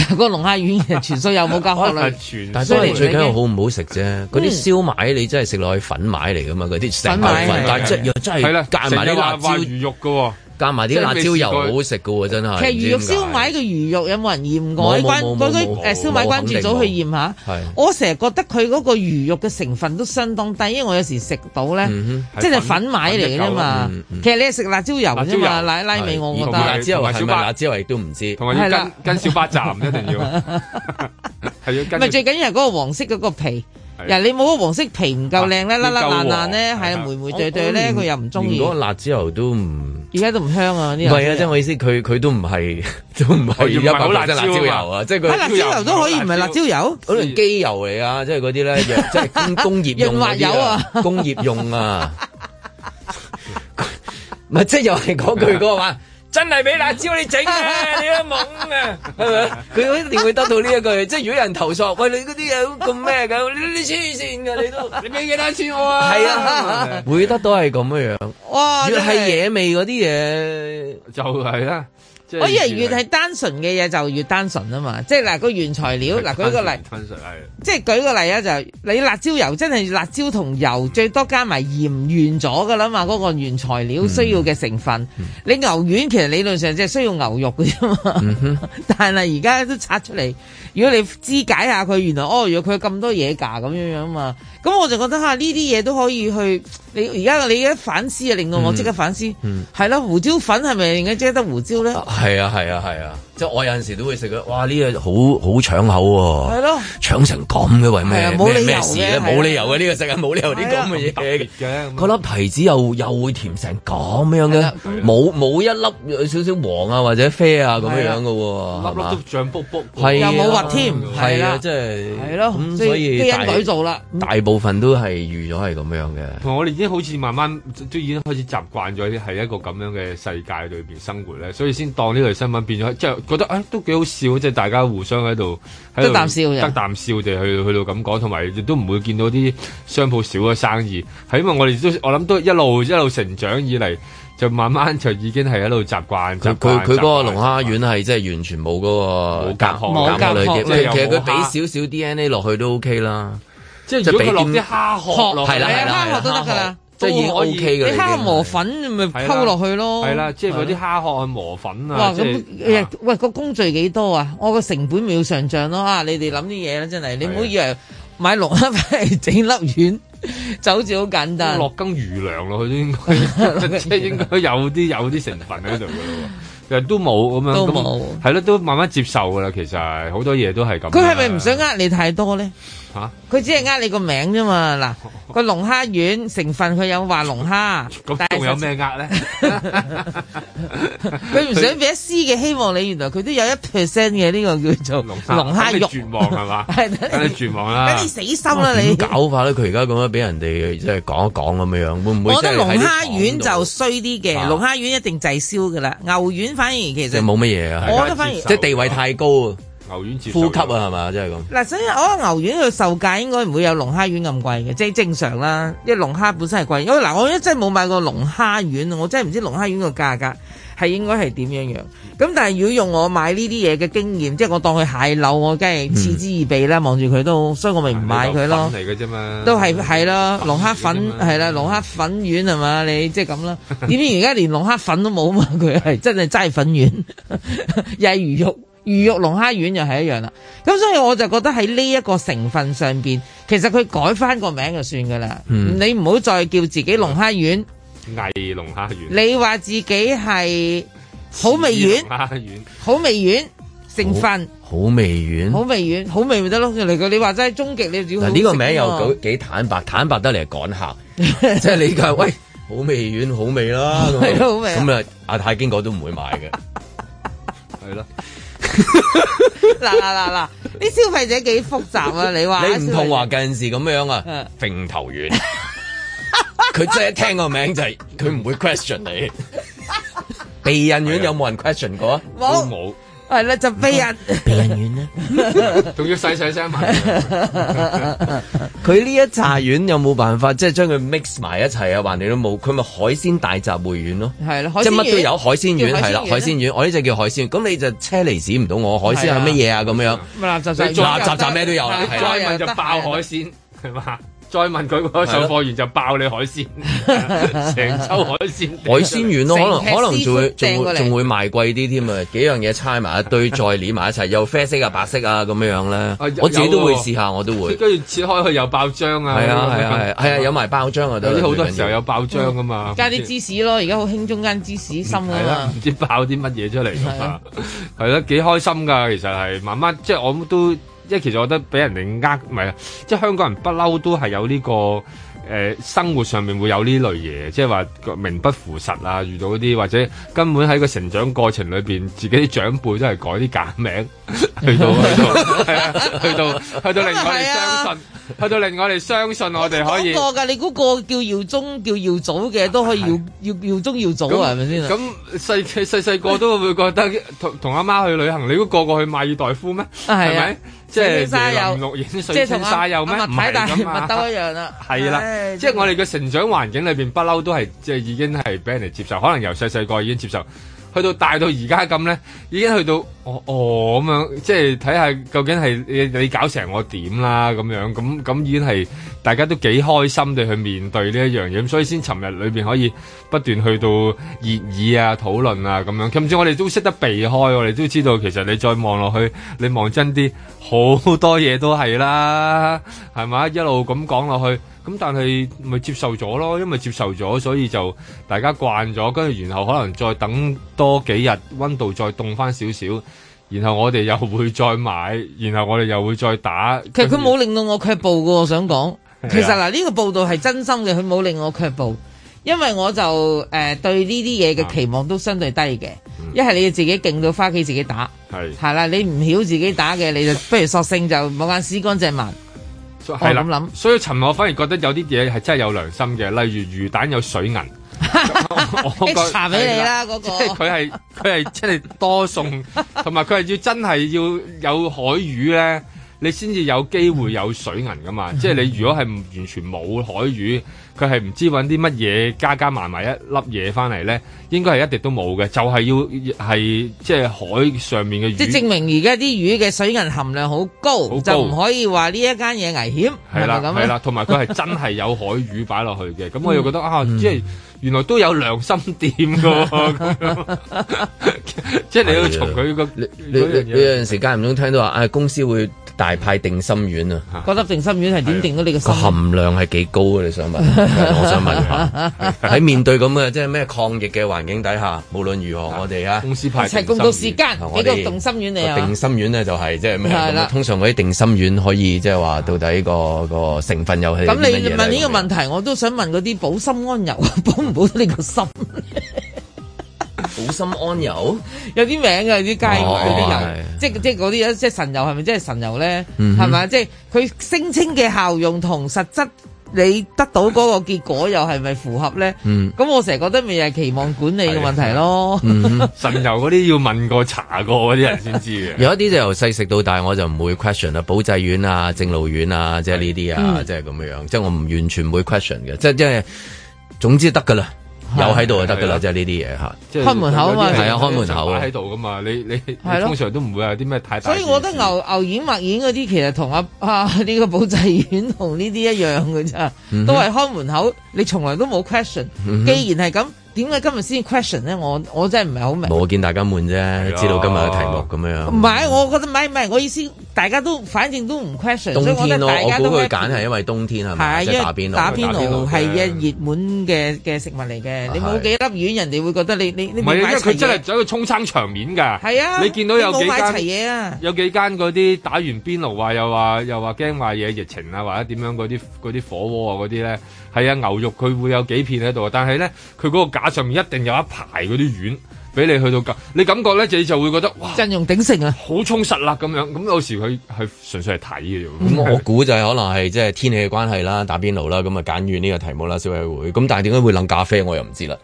嗰個龍蝦丸，全素有冇隔開啦。但當然最緊要好唔好食啫。嗰啲燒賣你真係食落去粉買嚟噶嘛，嗰啲成嚿粉，但係真係真係夾埋辣椒魚肉嘅加埋啲辣椒油好好食㗎喎，真係。其實魚肉燒賣嘅魚肉有冇人驗過？關嗰個誒燒賣關注組去驗下。我成日覺得佢嗰個魚肉嘅成分都相當低，因為我有時食到咧，即係粉米嚟嘅啫嘛。其實你係食辣椒油啫嘛，奶拉味，我覺得辣椒油辣椒油亦都唔知。同埋要跟跟小巴站一定要。係要跟。唔係最緊要係嗰個黃色嗰個皮。呀！你冇個黃色皮唔夠靚咧，甩甩爛爛咧，係啊，霉霉對對咧，佢又唔中意。如果辣椒油都唔，而家都唔香啊！呢個唔係啊，即係我意思，佢佢都唔係，都唔係而家買隻辣椒油啊！即係佢辣椒油都可以唔係辣椒油，好似機油嚟啊！即係嗰啲咧，即係工工業用油啊，工業用啊，唔係即係又係嗰句嗰個話。真係俾辣椒 你整啊！你都懵啊，係咪？ 佢一定會得到呢一句。即係如果有人投訴， 喂，你嗰啲嘢咁咩㗎，你黐線㗎，你都你俾幾多錢我啊？係啊，會得到係咁嘅樣。哇！越係野味嗰啲嘢就係啦、啊。我以為越係單純嘅嘢就越單純啊嘛，即係嗱、嗰個原材料，嗱舉個例，純即係舉個例啊、就係，就你辣椒油真係辣椒同油，嗯、最多加埋鹽完咗㗎喇嘛，嗰個原材料需要嘅成分。嗯、你牛丸其實理論上即係需要牛肉嘅啫嘛，嗯、哼但係而家都拆出嚟，如果你肢解下佢，原來哦如果佢咁多嘢㗎咁樣樣啊嘛。咁我就覺得嚇呢啲嘢都可以去，你而家你一反思啊，令到我即刻反思，係啦、嗯嗯，胡椒粉係咪應該即得胡椒咧？係啊，係啊，係啊。即係我有陣時都會食嘅，哇！呢個好好搶口喎，係咯，搶成咁嘅為咩？咩事？冇理由嘅，呢個世界冇理由啲咁嘅嘢嘅。粒提子又又會甜成咁樣嘅，冇冇一粒有少少黃啊或者啡啊咁樣樣嘅喎，粒粒都漲卜卜，又冇核添，係啊！即係係咯，所以機人鬼做啦，大部分都係預咗係咁樣嘅。同我哋已經好似慢慢都已經開始習慣咗，喺一個咁樣嘅世界裏邊生活咧，所以先當呢類新聞變咗即係。覺得誒、哎、都幾好笑，即係大家互相喺度得啖笑，得啖笑地去去到咁講，同埋亦都唔會見到啲商鋪少咗生意，係因為我哋都我諗都一路一路成長以嚟，就慢慢就已經係喺度習慣。就佢佢嗰個龍蝦丸係真係完全冇嗰個冇隔殼嘅，其實佢俾少少 DNA 落去都 OK 啦。即係即係如果佢落啲蝦殼落去，係啦，蝦殼都得㗎啦。啲蝦磨粉咪溝落去咯，係啦，即係嗰啲蝦殼去磨粉啊。哇，咁喂，個工序幾多啊？我個成本咪要上漲咯嚇！你哋諗啲嘢咧，真係你唔好以為買龍蝦翻嚟整粒丸就好似好簡單。落羹魚糧落去先，即係應該有啲有啲成分喺度嘅咯。其實都冇咁樣，都冇，係咯，都慢慢接受噶啦。其實好多嘢都係咁。佢係咪唔想呃你太多咧？佢只係呃你個名啫嘛，嗱，個龍蝦丸成分佢有話龍蝦，咁仲有咩呃咧？佢唔想俾一絲嘅希望你，原來佢都有一 percent 嘅呢個叫做龍蝦肉絕望係嘛？係，等你絕望啦，等你死心啦，你搞法咧？佢而家咁樣俾人哋即係講一講咁樣樣，會唔會？我覺得龍蝦丸就衰啲嘅，龍蝦丸一定滯銷噶啦，牛丸反而其實冇乜嘢啊，我覺得反而即係地位太高啊。牛丸、呼吸啊，係嘛？即係咁嗱，所以我覺得牛丸佢售價應該唔會有龍蝦丸咁貴嘅，即係正常啦。因為龍蝦本身係貴，因為嗱，我真係冇買過龍蝦丸，我真係唔知龍蝦丸個價格係應該係點樣樣。咁但係如果用我買呢啲嘢嘅經驗，即係我當佢蟹柳，我梗係嗤之以鼻啦，望住佢都，所以我咪唔買佢咯。都係係咯，來龍蝦粉係啦，的嗯、龍蝦粉丸係嘛？你即係咁啦。點、就是、 知而家連龍蝦粉都冇啊嘛？佢係 真係齋粉丸，又 係魚肉。魚肉龍蝦丸又係一樣啦，咁所以我就覺得喺呢一個成分上邊，其實佢改翻個名就算噶啦，嗯、你唔好再叫自己龍蝦丸，偽龍蝦丸，你話自己係好味丸，蝦丸，好味丸成分，好味丸，好味丸，好味咪得咯，人哋個你話齋，終極你只要呢、啊、個名又幾坦白，坦白得嚟係趕客，即係你講, 你講喂好味丸好味啦，咁 啊阿太經過都唔會買嘅，係咯。嗱嗱嗱嗱，啲消費者幾複雜啊！你話你唔通話近陣時咁樣啊，頭丸，佢即係聽個名就係，佢唔會 question 你避 孕丸有冇人 question 過啊？冇 。係啦，就俾人避孕丸啦，仲要細細聲問，佢呢一紮丸有冇辦法即係將佢 mix 埋一齊啊？還你都冇？佢咪海鮮大雜燴丸咯。係咯，即係乜都有海鮮丸係啦，海鮮丸，我呢隻叫海鮮丸。咁你就車厘子唔到我海鮮係乜嘢啊？咁樣，雜雜雜咩都有啦，再問就爆海鮮係嘛。再問佢，售貨員就爆你海鮮，成抽是的 海鮮海鮮丸咯，可能可能仲會仲會仲會賣貴啲添啊！幾樣嘢猜埋一堆，再攣埋一齊，有啡色啊、白色 啊咁樣樣咧。有我自己都會試下，我都會跟住 切開佢又爆漿啊！係啊係啊係啊有埋爆漿啊！有啲好多時候有爆漿噶嘛，嗯、加啲芝士咯，而家好興中間芝士心啊，唔知爆啲乜嘢出嚟啊！係啦幾開心噶，其實係慢慢即係我都。即係其實我覺得俾人哋呃，唔係，即係香港人不嬲都係有呢、這個誒、呃、生活上面會有呢類嘢，即係話名不符實啊，遇到啲或者根本喺個成長過程裏邊，自己啲長輩都係改啲假名， 去到去到 去到去令我哋相信，去到令我哋相、嗯、相信我哋可以。個㗎，你嗰個叫耀宗、叫耀祖嘅都可以叫叫耀宗耀祖啊，係咪先？咁細細細個都會覺得同同阿媽去旅行，你都個個去馬爾代夫咩？係咪、啊？即係林綠影碎片是沙幼咩？唔係咁啊，物都一樣、啊、啦。係啦，即係我哋嘅成長環境裏邊，不嬲都係，即係已經係俾人哋接受，可能由細細個已經接受。去到大到而家咁咧，已經去到哦哦咁樣，即係睇下究竟係你你搞成我點啦咁樣，咁咁已經係大家都幾開心地去面對呢一樣嘢，所以先尋日裏邊可以不斷去到熱議啊、討論啊咁樣，甚至我哋都識得避開，我哋都知道其實你再望落去，你望真啲好多嘢都係啦，係咪？一路咁講落去。咁但係咪接受咗咯？因為接受咗，所以就大家慣咗，跟住然後可能再等多幾日，溫度再凍翻少少，然後我哋又會再買，然後我哋又會再打。其實佢冇令到我卻步噶，我想講，是啊、其實嗱呢、這個報導係真心嘅，佢冇令我卻步，因為我就誒、呃、對呢啲嘢嘅期望都相對低嘅。一係、嗯、你要自己勁到返屋企，自己打，係係是啦，你唔曉自己打嘅，你就不如索性就冇眼屎乾淨盲。係諗諗，所以尋日我反而覺得有啲嘢係真係有良心嘅，例如魚蛋有水銀。 我查俾 你啦，嗰、那個、即係佢係佢係真係多送，同埋佢係要真係要有海魚咧，你先至有機會有水銀㗎嘛， 即係你如果係完全冇海魚。佢係唔知揾啲乜嘢加加埋埋一粒嘢翻嚟咧，應該係一滴都冇嘅，就係、係、要係即係海上面嘅魚。即係證明而家啲魚嘅水銀含量好高，高就唔可以話呢一間嘢危險。係啦的，係啦，同埋佢係真係有海魚擺落去嘅。咁 我又覺得啊，即係原來都有良心店㗎。 即係你要從佢個 的你你有陣時間唔中聽到話，唉公司會，大派定心丸啊！嗰粒定心丸係點定到你個含量係幾高啊？你想問，我想問下喺面對咁嘅即係咩抗疫嘅環境底下，無論如何我哋啊，公司派一齊公共時間幾個定心丸嚟。定心丸咧就係即係咩？通常嗰啲定心丸可以即係話到底個個成分有係咁，你問呢個問題，我都想問嗰啲保心安油保唔保你個心？保心安油，有啲名啊，啲街嗰啲人，即係即係嗰啲，即係神油係咪？即係神油咧，係咪？即係佢聲稱嘅效用同實質，你得到嗰個結果又係咪符合咧？咁我成日覺得咪係期望管理嘅問題咯。神油嗰啲要問過查過嗰啲人先知嘅。有一啲就由細食到大，我就唔會 question 啦，保濟丸啊、正露丸啊，即係呢啲啊，即係咁樣樣，即係我唔完全唔會 question 嘅，即係即係，總之得噶啦。有喺度就得噶啦，即係呢啲嘢嚇，即係開門口啊嘛，係啊，開門口喺度噶嘛，你你，的你通常都唔會有啲咩太大。所以我覺得牛牛丸、墨丸嗰啲其實同阿阿呢個保濟丸同呢啲一樣噶啫，嗯、哼都係開門口，你從來都冇 question、嗯哼。既然係咁，點解今日先至 question 咧？我我真係唔係好明。我見大家悶啫，的知道今日嘅題目咁樣。唔係、嗯哼，我覺得唔係唔係，我意思。大家都反正都唔 question，所以我覺得大家都會揀係因為冬天係咪？係啊，即打邊爐係一熱門嘅嘅食物嚟嘅。啊、你冇幾粒丸，啊、人哋會覺得你你你冇唔係，因為佢真係走去沖撐場面㗎。係啊，你見到有冇買齊嘢啊？有幾間啲打完邊爐話又話又話驚買嘢疫情啊或者點樣嗰啲啲火鍋啊嗰啲咧係啊牛肉佢會有幾片喺度，但係咧佢嗰個架上面一定有一排嗰啲丸。俾你去到㗎，你感覺咧你就會覺得哇，陣容鼎盛啊，好充實啦咁樣。咁有時佢係純粹係睇嘅，咁我估就係可能係即係天氣嘅關係啦，打邊爐啦，咁啊揀完呢個題目啦，消委會，咁但係點解會諗咖啡，我又唔知啦。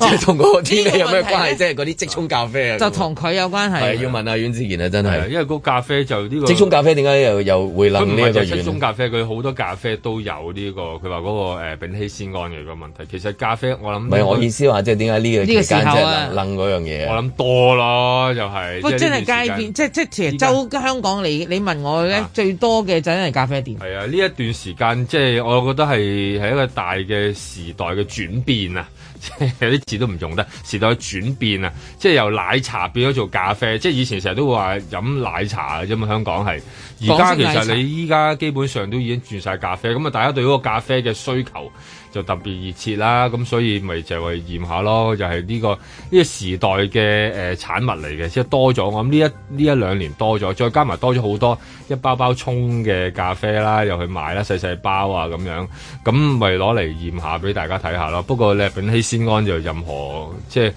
即係同個天氣有咩關係？即係嗰啲即沖咖啡啊，就同佢有關係。係要問阿阮志賢啊，真係，因為嗰咖啡就呢個即沖咖啡，點解又又會冧呢個原因？佢唔係即沖咖啡，佢好多咖啡都有呢個，佢話嗰個誒丙烯酰胺嘅個問題。其實咖啡我諗唔係我意思話，即係點解呢個街即係冧樣嘢？我諗多啦，又係不真係街邊，即即其實周香港你你問我咧，最多嘅就真係咖啡店。係啊，呢一段時間即係我覺得係係一個大嘅時代嘅轉變啊！有啲 字都唔用得，時代轉變啊，即係由奶茶變咗做咖啡，即係以前成日都會話飲奶茶啊，啫嘛，香港係，而家其實你依家基本上都已經轉晒咖啡，咁啊大家對嗰個咖啡嘅需求。就特別熱切啦，咁所以咪就係驗下咯，就係呢個呢個時代嘅誒產物嚟嘅，即係多咗。我諗呢一呢一兩年多咗，再加埋多咗好多一包包沖嘅咖啡啦，又去買啦細細包啊咁樣，咁咪攞嚟驗下俾大家睇下咯。不過你丙烯酰胺就任何即係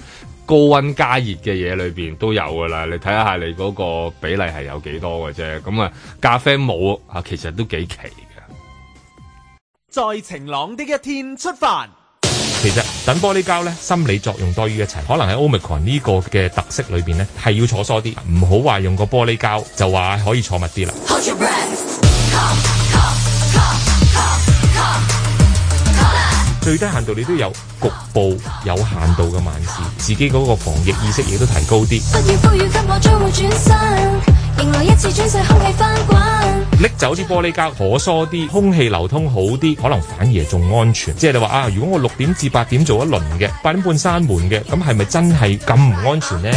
高溫加熱嘅嘢裏邊都有噶啦，你睇下你嗰個比例係有幾多嘅啫。咁啊，咖啡冇啊，其實都幾奇。在晴朗的一天出發。其實等玻璃膠呢，心理作用多於一齊。可能喺 Omicron 呢個嘅特色裏邊呢，係要坐疏啲，唔好話用個玻璃膠就話可以坐密啲啦。最低限度你都有局部有限度嘅慢事，自己嗰個防疫意識亦都提高啲。不要呼籲，給我將會轉身，迎來一次轉世，空氣翻滾。拎走啲玻璃膠可疏啲，空氣流通好啲，可能反而仲安全。即係你話啊，如果我六點至八點做一輪嘅，八點半閂門嘅，咁係咪真係咁唔安全呢？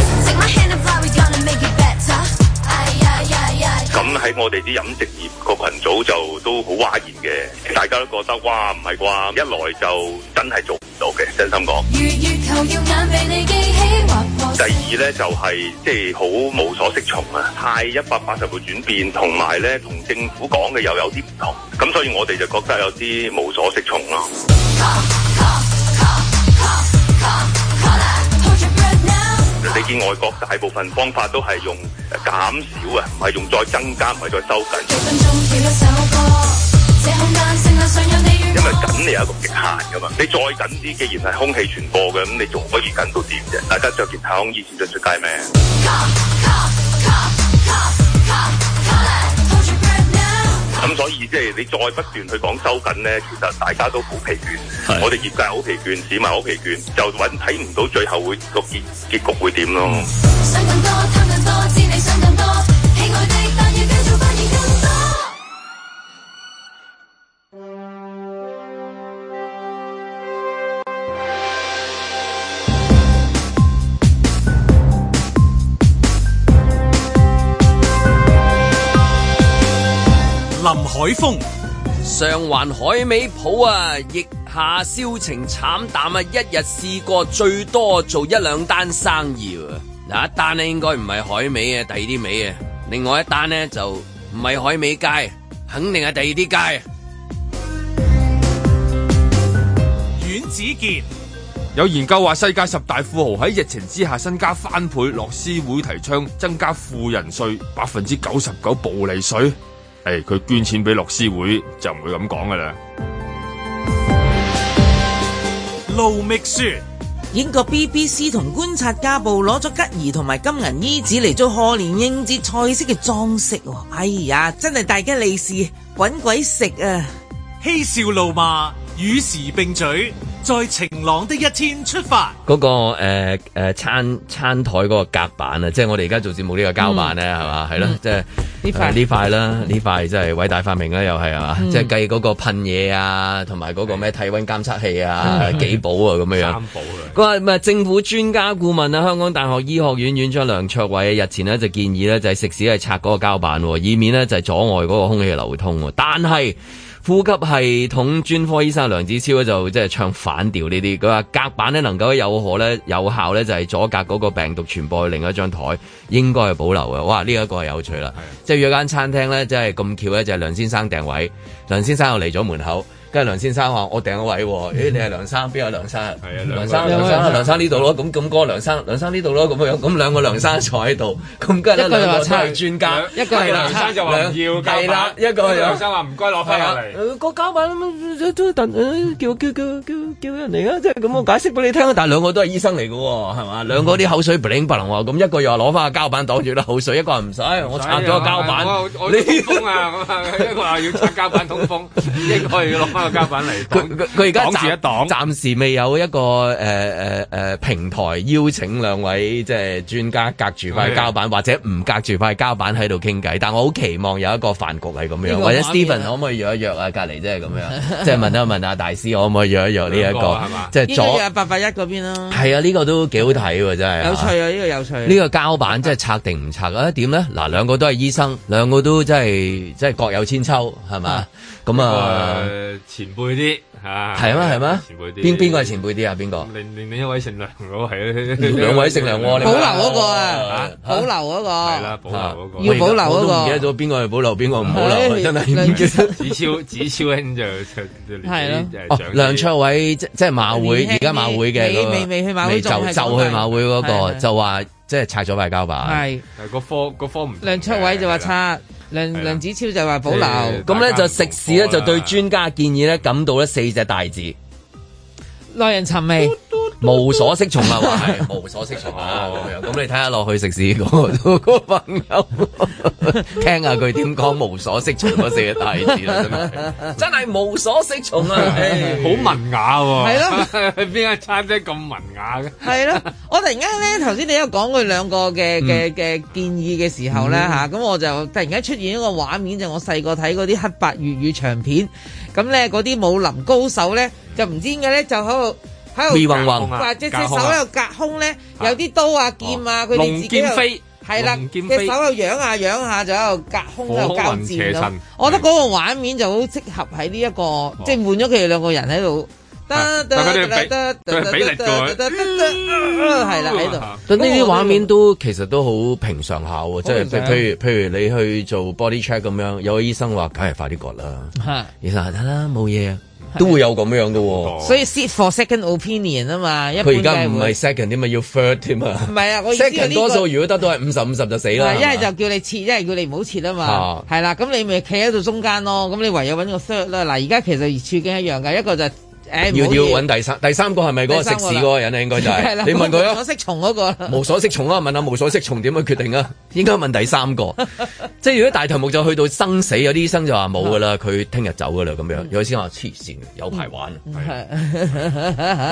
咁喺我哋啲飲食業個羣組就都好挖然嘅，大家都覺得哇唔係啩，一來就真係做唔到嘅，真心講。第二咧，就係即係好無所適從啊，太一百八十度轉變，同埋咧，同政府講嘅又有啲唔同，咁所以我哋就覺得有啲無所適從咯。你見外國大部分方法都係用減少啊，唔係用再增加，唔係再收緊。 緊你有一個極限噶嘛，你再緊啲。既然係空氣傳播嘅，咁你仲可以緊到點啫？大家着件太空衣前出出街咩？咁所以即係、就是、你再不斷去講收緊咧，其實大家都好疲倦，是我哋業界好疲倦，市民好疲倦，就揾睇唔到最後會個結結局會點咯。想更多林海峰，上環海味鋪啊，疫下銷情慘淡啊，一日試過最多做一兩單生意啊。嗱，一單咧應該唔係海味啊，第二啲味啊。另外一單呢，就唔係海味街，肯定係第二啲街。阮子杰有研究話，世界十大富豪喺疫情之下身家翻倍，樂施會提倡增加富人稅百分之九十九暴利稅。誒，佢、哎、捐錢俾律師會就唔會咁講噶啦。盧覓雪，英國 B B C 同觀察家報攞咗吉儀同埋金銀衣紙嚟做賀年應節菜式嘅裝飾。哎呀，真係大吉利是，搵鬼食啊！嬉笑怒罵，與時並舉。在晴朗的一天出發，嗰、那個誒誒、呃呃、餐餐桌嗰個隔板啊，即係我哋而家做節目呢個膠板咧，係嘛係咯，嗯、即係呢塊啦，呢塊、嗯、真係偉大發明啦，又係、嗯、啊，即係計嗰個噴嘢啊，同埋嗰個咩體溫監測器啊，嗯、幾寶啊咁、啊、樣，擔保嘅。嗰咪政府專家顧問啊，香港大學醫學院院長梁卓偉日前呢就建議呢，就係食肆係拆嗰個膠板，以免呢就係阻礙嗰個空氣流通，但係。但呼吸系統專科醫生梁子超咧就即係唱反調，呢啲，佢話隔板咧能夠有可咧有效咧就係阻隔嗰個病毒傳播去另一張枱，應該係保留嘅。哇！呢一個係有趣啦，的即係有間餐廳咧，即係咁橋咧就係梁先生訂位，梁先生又嚟咗門口。跟住梁先生話：我訂個位喎，咦？你係梁生？邊個梁生啊？係啊，梁生，梁生，梁生呢度咯。咁咁，個梁生，梁生呢度咯。咁樣，咁兩個梁生坐喺度，咁跟住一個就話：專家，一個梁生就話要膠板，一個梁生話唔該攞翻入嚟。個膠板叫叫叫叫叫人嚟啊！即係咁，我解釋俾你聽。但係兩個都係醫生嚟嘅喎，係嘛？兩個啲口水不靈不靈喎。咁一個又話攞翻個膠板擋住啦口水，一個話唔使，我拆咗個膠板。呢封啊，一個話要拆膠板通風，一個要攞個膠板嚟，佢佢而家暫暫時未有一個誒誒誒平台邀請兩位即係專家隔住塊膠板，的或者唔隔住塊膠板喺度傾偈。但我好期望有一個飯局係咁樣，這個 或者 Steven 可唔、啊、可以約一約啊？隔離即係咁樣，即係 問一問啊，大師可唔可以約一約呢一個？即係左八八一嗰邊咯。係啊，呢、這個都幾好睇喎，真係有趣啊！呢、這個有趣，呢、啊、個膠板真係拆定唔拆啊？點咧？嗱、啊啊，兩個都係醫生，兩個都真係真係各有千秋，係嘛？啊咁啊，前輩啲嚇，係啊係咩？前輩啲，邊邊個係前輩啲啊？邊個？另另另一位姓梁嗰個係，兩位姓梁喎。保留嗰個啊，保留嗰個。係啦，保留嗰個。要保留嗰個。我唔記得咗邊個去保留，邊個唔保留。真係，梁子超，子超兄就係。係哦，梁卓偉即即馬會，而家馬會嘅，未未去馬會，就就去馬會嗰個就話即拆咗塊膠板。係。係個方個方唔。梁卓偉就話拆。梁梁子超就話保留，咁咧的就食肆咧就對專家建議咧感到咧四隻大字，耐人尋味。無所適從啊，話係無所適從啊，咁你睇下落去食屎，嗰個朋友，聽下佢點講無所適從嗰四個大字啦，真係真係無所適從啊，好文雅喎。係咯，邊間餐廳咁文雅嘅？係咯，我突然間咧，頭先你有講佢兩個嘅嘅嘅建議嘅時候咧，吓，咁我就突然間出現一個畫面，就我細個睇嗰啲黑白粵語長片，咁咧嗰啲武林高手咧，就唔知點解咧，就喺度。喺度搵，即係手喺度隔空咧，有啲刀啊、劍啊，佢哋自己係啦，隻手又仰下仰下，就喺度隔空度交戰。我覺得嗰個畫面就好適合喺呢一個，即係換咗佢哋兩個人喺度。係啦，喺度。但呢啲畫面都其實都好平常下喎，即係譬如譬如你去做 body check 咁樣，有個醫生話梗係快啲割啦，係，其實得啦，冇嘢。都會有咁樣嘅、哦，哦、所以 sit for second opinion 啊嘛，佢而家唔係 second 添啊會，要 third 添啊。 唔係啊，我 second 多數如果得到係五十五十就死啦。一係 吧就叫你切，一係叫你唔好切啊嘛。係啦的，咁你咪企喺度中間咯，咁你唯有揾個 third 啦。嗱，而家其實與處境一樣嘅，一個就是。要要揾第三，第三個係咪嗰個食屎嗰個人咧？應該就係你問佢咯。無所適從嗰個，無所適從啊，問下無所適從點去決定啊？應該問第三個。即係如果大題目就去到生死，有啲醫生就話冇噶啦，佢聽日走噶啦咁樣。有啲先話黐線，有排玩。你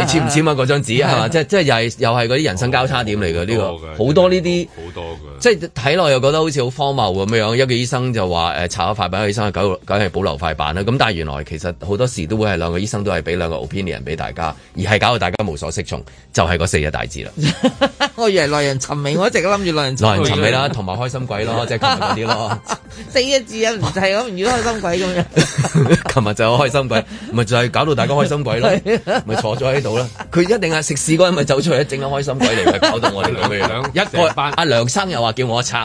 簽唔簽啊？嗰張紙係嘛？即係即係又係又係嗰啲人生交叉點嚟嘅呢個，好多呢啲好多即係睇落又覺得好似好荒謬咁樣樣。有個醫生就話誒，拆咗塊板醫生梗係保留塊板啦。咁但係原來其實好多時都會係兩個醫生都係俾兩。個 opinion 俾大家，而係搞到大家無所適從，就係嗰四隻大字啦。我以為耐人尋味，我一直諗住耐人耐人尋味啦，同埋開心鬼咯，即係琴日嗰啲咯。四隻字啊，唔係我唔要開心鬼咁樣。琴日就係開心鬼，咪就係搞到大家開心鬼咯，咪坐咗喺度啦。佢一定係食屎嗰人，咪走出嚟整啲開心鬼嚟，咪搞到我哋兩兩一個班。阿梁生又話叫我拆，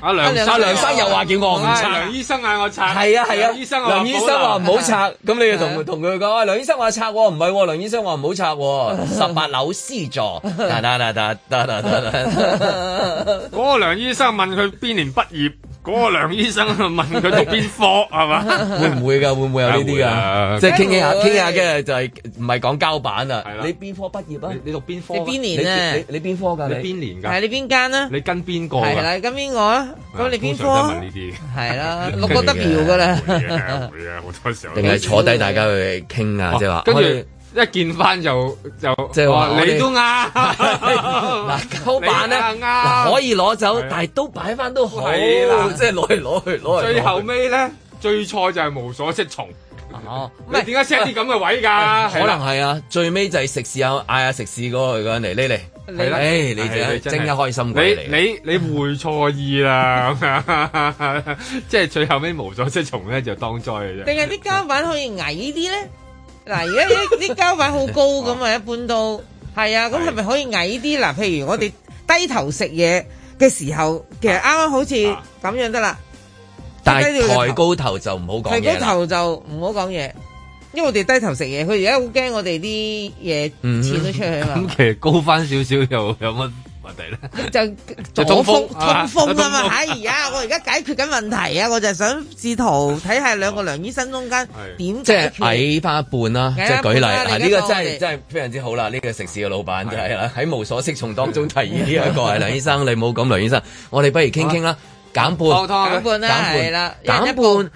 阿梁阿梁生又話叫我唔拆。梁醫生嗌我拆，係啊係啊。梁醫生話唔好拆，咁你又同同佢講，梁醫生話。拆喎，唔係梁醫生話唔好拆喎，十八樓 C 座。得得得得得得得。嗰個梁醫生問佢邊年畢業，嗰個梁醫生問佢讀邊科係嘛？會唔會㗎？會唔會有呢啲㗎？即係傾傾下，傾下嘅就係唔係講膠板啊？ 你邊科畢業啊？你讀邊科？你邊 年 啊？你邊科㗎？你邊年㗎？係你邊間啦？你跟邊個？係啦，跟邊個啊？咁你邊科？係啦，六個 W 㗎啦。會啊，好多時候。定 係坐低大家去傾啊，即係話。啊啊跟住一見翻就就，即係話你都啱。嗱，膠板咧，啱可以攞走，但係都擺翻都好。即係攞去攞去攞去。最後尾咧，最錯就係無所適從。哦，咩點解 set 啲咁嘅位噶？可能係啊，最尾就係食肆啊，嗌下食肆嗰個嚟嚟嚟。係啦，你哋去真係開心，你你你會錯意啦，即係最後尾無所適從咧，就當災嘅啫。定係啲膠板可以矮啲咧？嗱，而家啲啲膠板好高咁哇啊，一般都係啊，咁係咪可以矮啲？嗱，譬如我哋低頭食嘢嘅時候，其實啱啱好似咁樣得啦。啊啊、但係抬高頭就唔好講。抬高頭就唔好講嘢，因為我哋低頭食嘢，佢而家好驚我哋啲嘢濺都出去啊。咁、嗯嗯、吧其實高翻少少又有乜？ 就中風，痛風啊嘛！唉呀，我而家解決緊問題啊！我就想試圖睇下兩個梁醫生中間點即係矮返一半啦，即係舉例啊！呢個真係真係非常之好啦！呢個食肆嘅老闆就係啦，喺無所適從當中提議呢一個係梁醫生，你冇咁梁醫生，我哋不如傾傾啦，減半，減半啦，係啦，減半。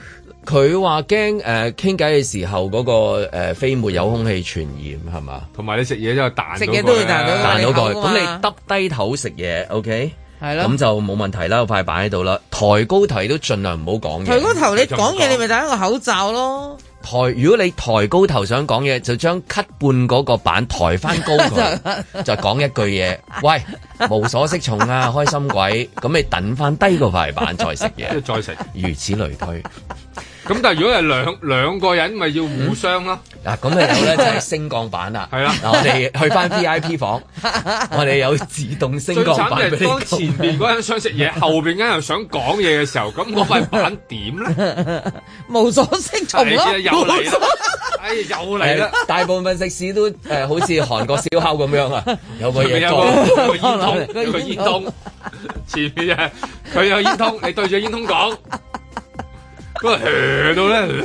佢話驚誒傾偈嘅時候嗰個誒飛沫有空氣傳染係嘛？同埋你食嘢都有彈，食嘢都會彈到彈到過去。咁你耷低頭食嘢，OK，係啦，咁就冇問題啦。個塊板喺度啦，抬高頭都盡量唔好講嘢。抬高頭你講嘢，你咪戴個口罩咯。抬如果你抬高頭想講嘢，就將咳半嗰個板抬翻高就再講一句嘢。喂，無所適從啊，開心鬼。咁你等翻低個塊板再食嘢，再食，如此類推。咁但係如果係兩兩個人，咪要互相咯。嗱，咁又有咧就係升降板啦。係啦，嗱，我哋去返 VIP 房，我哋有自動升降板。最慘係當前邊個人想食嘢，後邊個人又想講嘢嘅時候，咁塊板點咧？無所適從啦！又嚟啦，哎又嚟啦！大部分食肆都誒好似韓國燒烤咁樣啊，有個嘢，有個煙通，跟住煙通，前邊啊佢有煙通，你對住煙通講。嗰個邪到咧，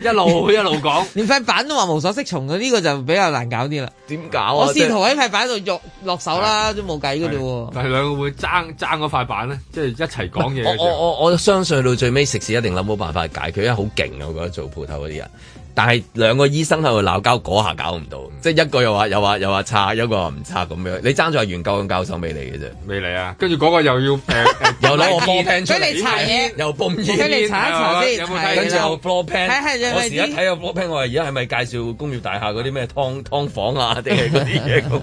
一路一路講，連塊板都話無所適從嘅，呢個就比較難搞啲啦。點搞啊？我試圖喺塊板度落落手啦，的都冇計嘅啦。但係兩個會爭爭嗰塊板咧，即係一齊講嘢嘅時候。我我我，我相信到最尾食肆一定諗冇辦法解決，因為好勁啊！我覺得做鋪頭嗰啲人。.但係兩個醫生喺度鬧交，嗰下搞唔到，即係一個又話又話又話差，一個又唔差咁樣。你爭在袁國勇教授教授未嚟嘅啫，未嚟啊！跟住嗰個又要平，又攞我播出嚟，又幫你查嘢，又幫你查一查先。跟住又 floor plan 我而家睇個 floor plan 我而家係咪介紹工業大廈嗰啲咩劏房啊？定係嗰啲嘢，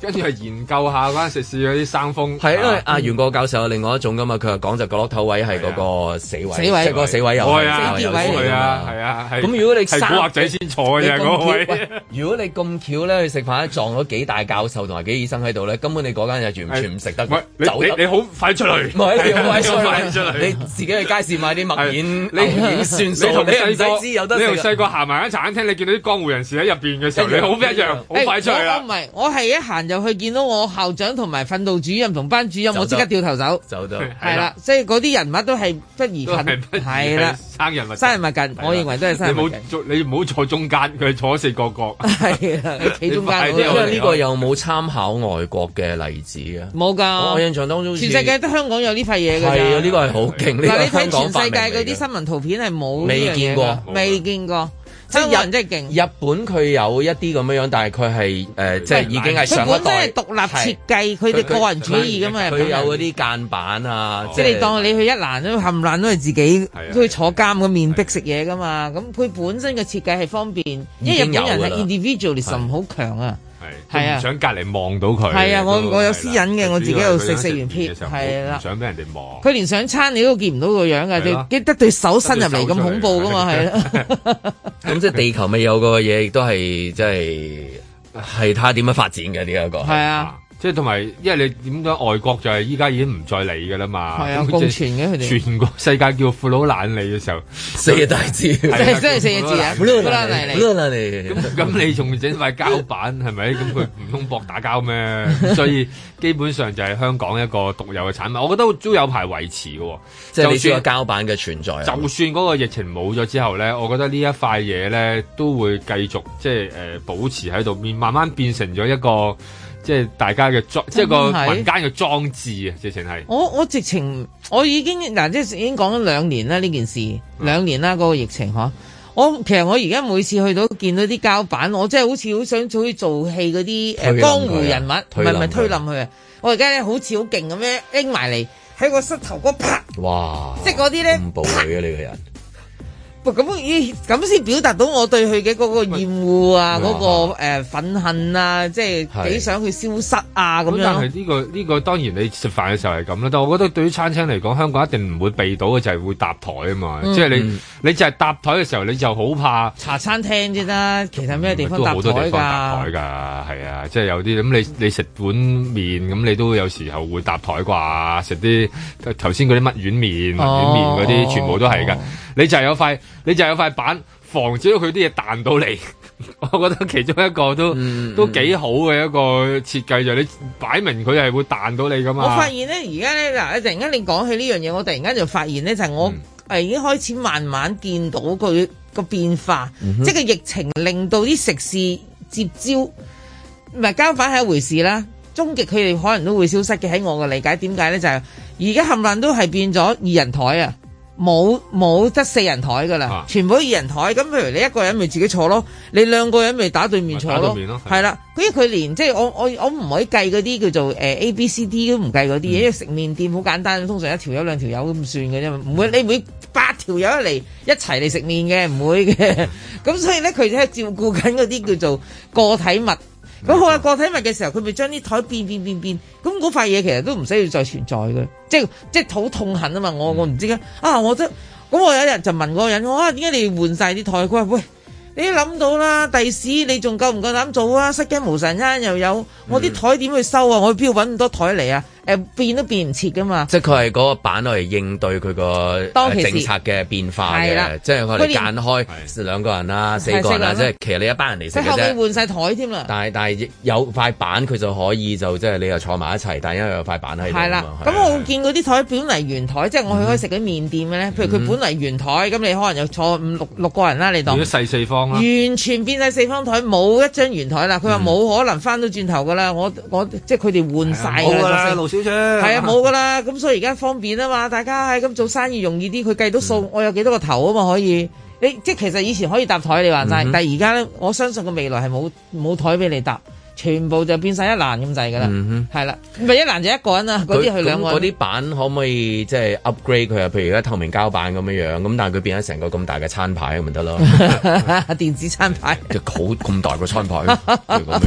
跟住係研究下嗰陣時試嗰啲生風。係因為阿袁國勇教授有另外一種㗎嘛，佢話講就角落頭位係嗰個死位，即係個死位又係死啲位啊，係啊，係。咁如果你生畫仔先坐嘅呀，嗰位。如果你咁巧咧去食飯，撞咗幾大教授同埋幾醫生喺度咧，根本你嗰間就完全唔食得。你你好快出嚟，好快出嚟。你自己去街市買啲麥片，你點算？你同細個，你同細個行埋一茶餐廳，你見到啲江湖人士喺入邊嘅時候，你好唔一樣，好快出去。我唔係，我係一行入去見到我校長同埋訓導主任同班主任，我即刻掉頭走，走到。係啦，即係嗰啲人物都係不義憤，係啦，生人物，生人勿近，我認為都係生人物。唔好坐中間，佢坐四個角。係 啊，你企中間， 因為呢個又冇參考外國嘅例子嘅。冇㗎的，我印象當中全世界都香港有呢塊嘢嘅。係啊，呢、呢個係好勁。嗱，你睇全世界嗰啲新聞圖片係冇，未見過，未見過。即係有人真係勁，日本佢有一啲咁樣樣，但係佢係誒，即係已經係上一代。佢本身係獨立設計，佢哋個人主義㗎嘛。佢有嗰啲間板啊，板啊即係是你當你去一蘭都冚唥都係自己，去坐監個面壁食嘢㗎嘛。咁佢本身嘅設計係方便，因為日本人係 individualism 好的強啊。係，想隔籬望到佢。係啊，我我有私隱嘅，我自己喺度食食完片，係啦，想俾人哋望。佢連上餐你都見唔到個樣噶，只得對手伸入嚟咁恐怖噶嘛，係啊。咁即係地球未有個嘢，亦都係即係係睇下點樣發展嘅呢一個係。即係同埋，因為你點講？外國就係依家已經唔再理㗎啦嘛。係啊，共存嘅佢哋。全個世界叫富佬攔你嘅時候，啊、四個大字、啊啊，真、嗯、係四個字啊！攔你，攔你。咁咁，你仲整塊膠板係咪？咁佢唔通搏打交咩？所以基本上就係香港一個獨有嘅產品。我覺得都有排維持㗎。 即係你知膠板嘅存在。就算嗰個疫情冇咗之後咧，我覺得呢一塊嘢咧都會繼續即係誒、呃、保持喺度，邊，慢慢變成咗一個。即係大家嘅裝，即係個民間嘅裝置啊！直情係我我直情，我已經嗱，即係已經講咗兩年啦呢件事，兩、嗯、年啦嗰、嗰個疫情吓、啊。我其實我而家每次去到見到啲膠板，我真係好似好想做做戲嗰啲誒江湖人物，咪咪推冧佢啊！是我而家咧好似好勁咁樣拎埋嚟，喺個膝頭哥拍，哇！即係嗰啲咧，恐怖女啊你個人！唔咁咦咁先表達到我對佢嘅嗰個厭惡啊，嗰、啊那個誒、呃、憤恨啊，即係幾想去消失啊咁的樣。呢、這個呢、這個當然你食飯嘅時候係咁啦，但我覺得對於餐廳嚟講，香港一定唔會避到嘅就係、是、會搭台啊嘛。嗯、即係你你就係搭台嘅時候，你就好怕茶餐廳啫、啊。啦、嗯。其他咩地方搭台都好多地方搭台㗎，係啊。即係、就是、有啲咁你你食碗麵咁，你都有時候會搭台啩？食啲頭先嗰啲乜軟麵、軟麵嗰啲，全部都係㗎。哦哦、你就係有塊。你就係有塊板，防止佢啲嘢彈到你。 我覺得其中一個都、mm hmm. 都幾好嘅一個設計就是、你擺明佢係會彈到你噶嘛。我發現咧，而家咧嗱，突然間你講起呢樣嘢，我突然間就發現咧，就係、是、我誒、mm hmm. 呃、已經開始慢慢見到佢、那個變化，mm hmm. 即係疫情令到啲食肆接招，唔係交反係一回事啦。終極佢哋可能都會消失嘅。喺我嘅理解，點解咧就係而家冚唪唥都係變咗二人枱啊！冇冇得四人台噶啦，啊、全部二人台。咁譬如你一個人咪自己坐咯，你兩個人咪打對面坐咯，係啦、啊。所以佢連即係我我我唔可以計嗰啲叫做誒 A B C D 都唔計嗰啲嘢，嗯、因為食麵店好簡單，通常一條友兩條友都唔算嘅啫，唔會你會八條友嚟一齊嚟食麵嘅，唔會嘅。咁、嗯、 所以咧，佢係照顧緊嗰啲叫做個體物。咁佢話個睇物嘅時候，佢咪將啲台變變變變，咁嗰塊嘢其實都唔需要再存在嘅，即係即係好痛恨啊嘛！我我唔知啊，啊我都，咁我有一日就問嗰個人，我話點解你換晒啲台？佢話喂，你諗到啦，第時你仲夠唔夠膽做啊？失驚無神啊，又有我啲台點去收啊？我邊度揾咁多台嚟啊？誒變都變唔切噶嘛，即係佢係嗰個板嚟應對佢個政策嘅變化嘅，即係佢哋間開兩個人啦、四個人啦，即係其實你一班人嚟食嘅啫。佢後面換曬台添啦。但係但係有塊板佢就可以就即係你又坐埋一齊，但因為有塊板喺度。係啦。咁我見嗰啲台本嚟圓台，即係我去開食嗰啲麵店嘅咧，譬如佢本嚟圓台，咁你可能又坐五六六個人啦，你當如果細四方啦，完全變晒四方台，冇一張圓台啦。佢話冇可能翻到轉頭噶啦，我我即係佢哋換晒。係 啊，冇噶啦。咁、嗯、所以而家方便啊嘛，大家喺咁做生意容易啲，佢計到數，嗯、我有幾多個頭啊嘛，可以，誒，即係其實以前可以搭台你話齋，嗯、哼但係而家咧，我相信個未來係冇冇台俾你搭。全部就變晒一欄咁滯噶啦，係啦，咪一欄就一個人啦。嗰啲去兩個嗰啲板可唔可以即係 upgrade 佢啊？譬如而家透明膠板咁樣樣，咁但係佢變咗成個咁大嘅餐牌咪得咯？電子餐牌就好咁大個餐牌，咁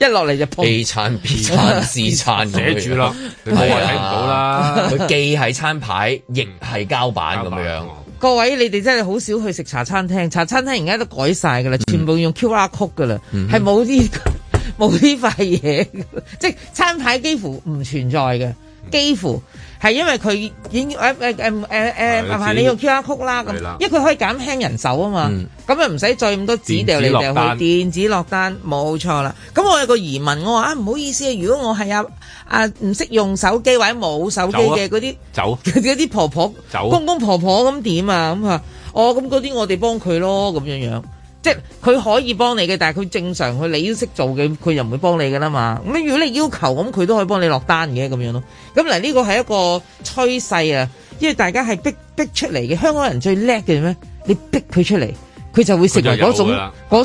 一落嚟就 A 餐 B 餐 C 餐，寫住咯，你睇唔到啦。佢既係餐牌，亦係膠板咁樣。各位你哋真係好少去食茶餐廳，茶餐廳而家都改晒噶啦，全部用 QR code 噶啦，係冇啲。冇呢塊嘢，即係餐牌幾乎唔存在嘅，嗯、幾乎係因為佢已經誒誒誒誒誒，唔係你用 QR code 啦，因為佢可以減輕人手啊嘛，咁又唔使再咁多紙掉嚟掉去，電子落單冇錯啦。咁我有個疑問，我話啊唔好意思啊，如果我係阿阿唔識用手機或者冇手機嘅嗰啲，走啲婆婆，走公公婆婆咁點啊咁啊？哦，咁嗰啲我哋幫佢咯咁樣樣。即係佢可以幫你嘅，但係佢正常，佢你都識做嘅，佢又唔會幫你㗎喇嘛。咁如果你要求，咁佢都可以幫你落單嘅咁樣咯。咁嗱，呢個係一個趨勢啊，因為大家係逼逼出嚟嘅，香港人最叻嘅咩？你逼佢出嚟，佢就會成為嗰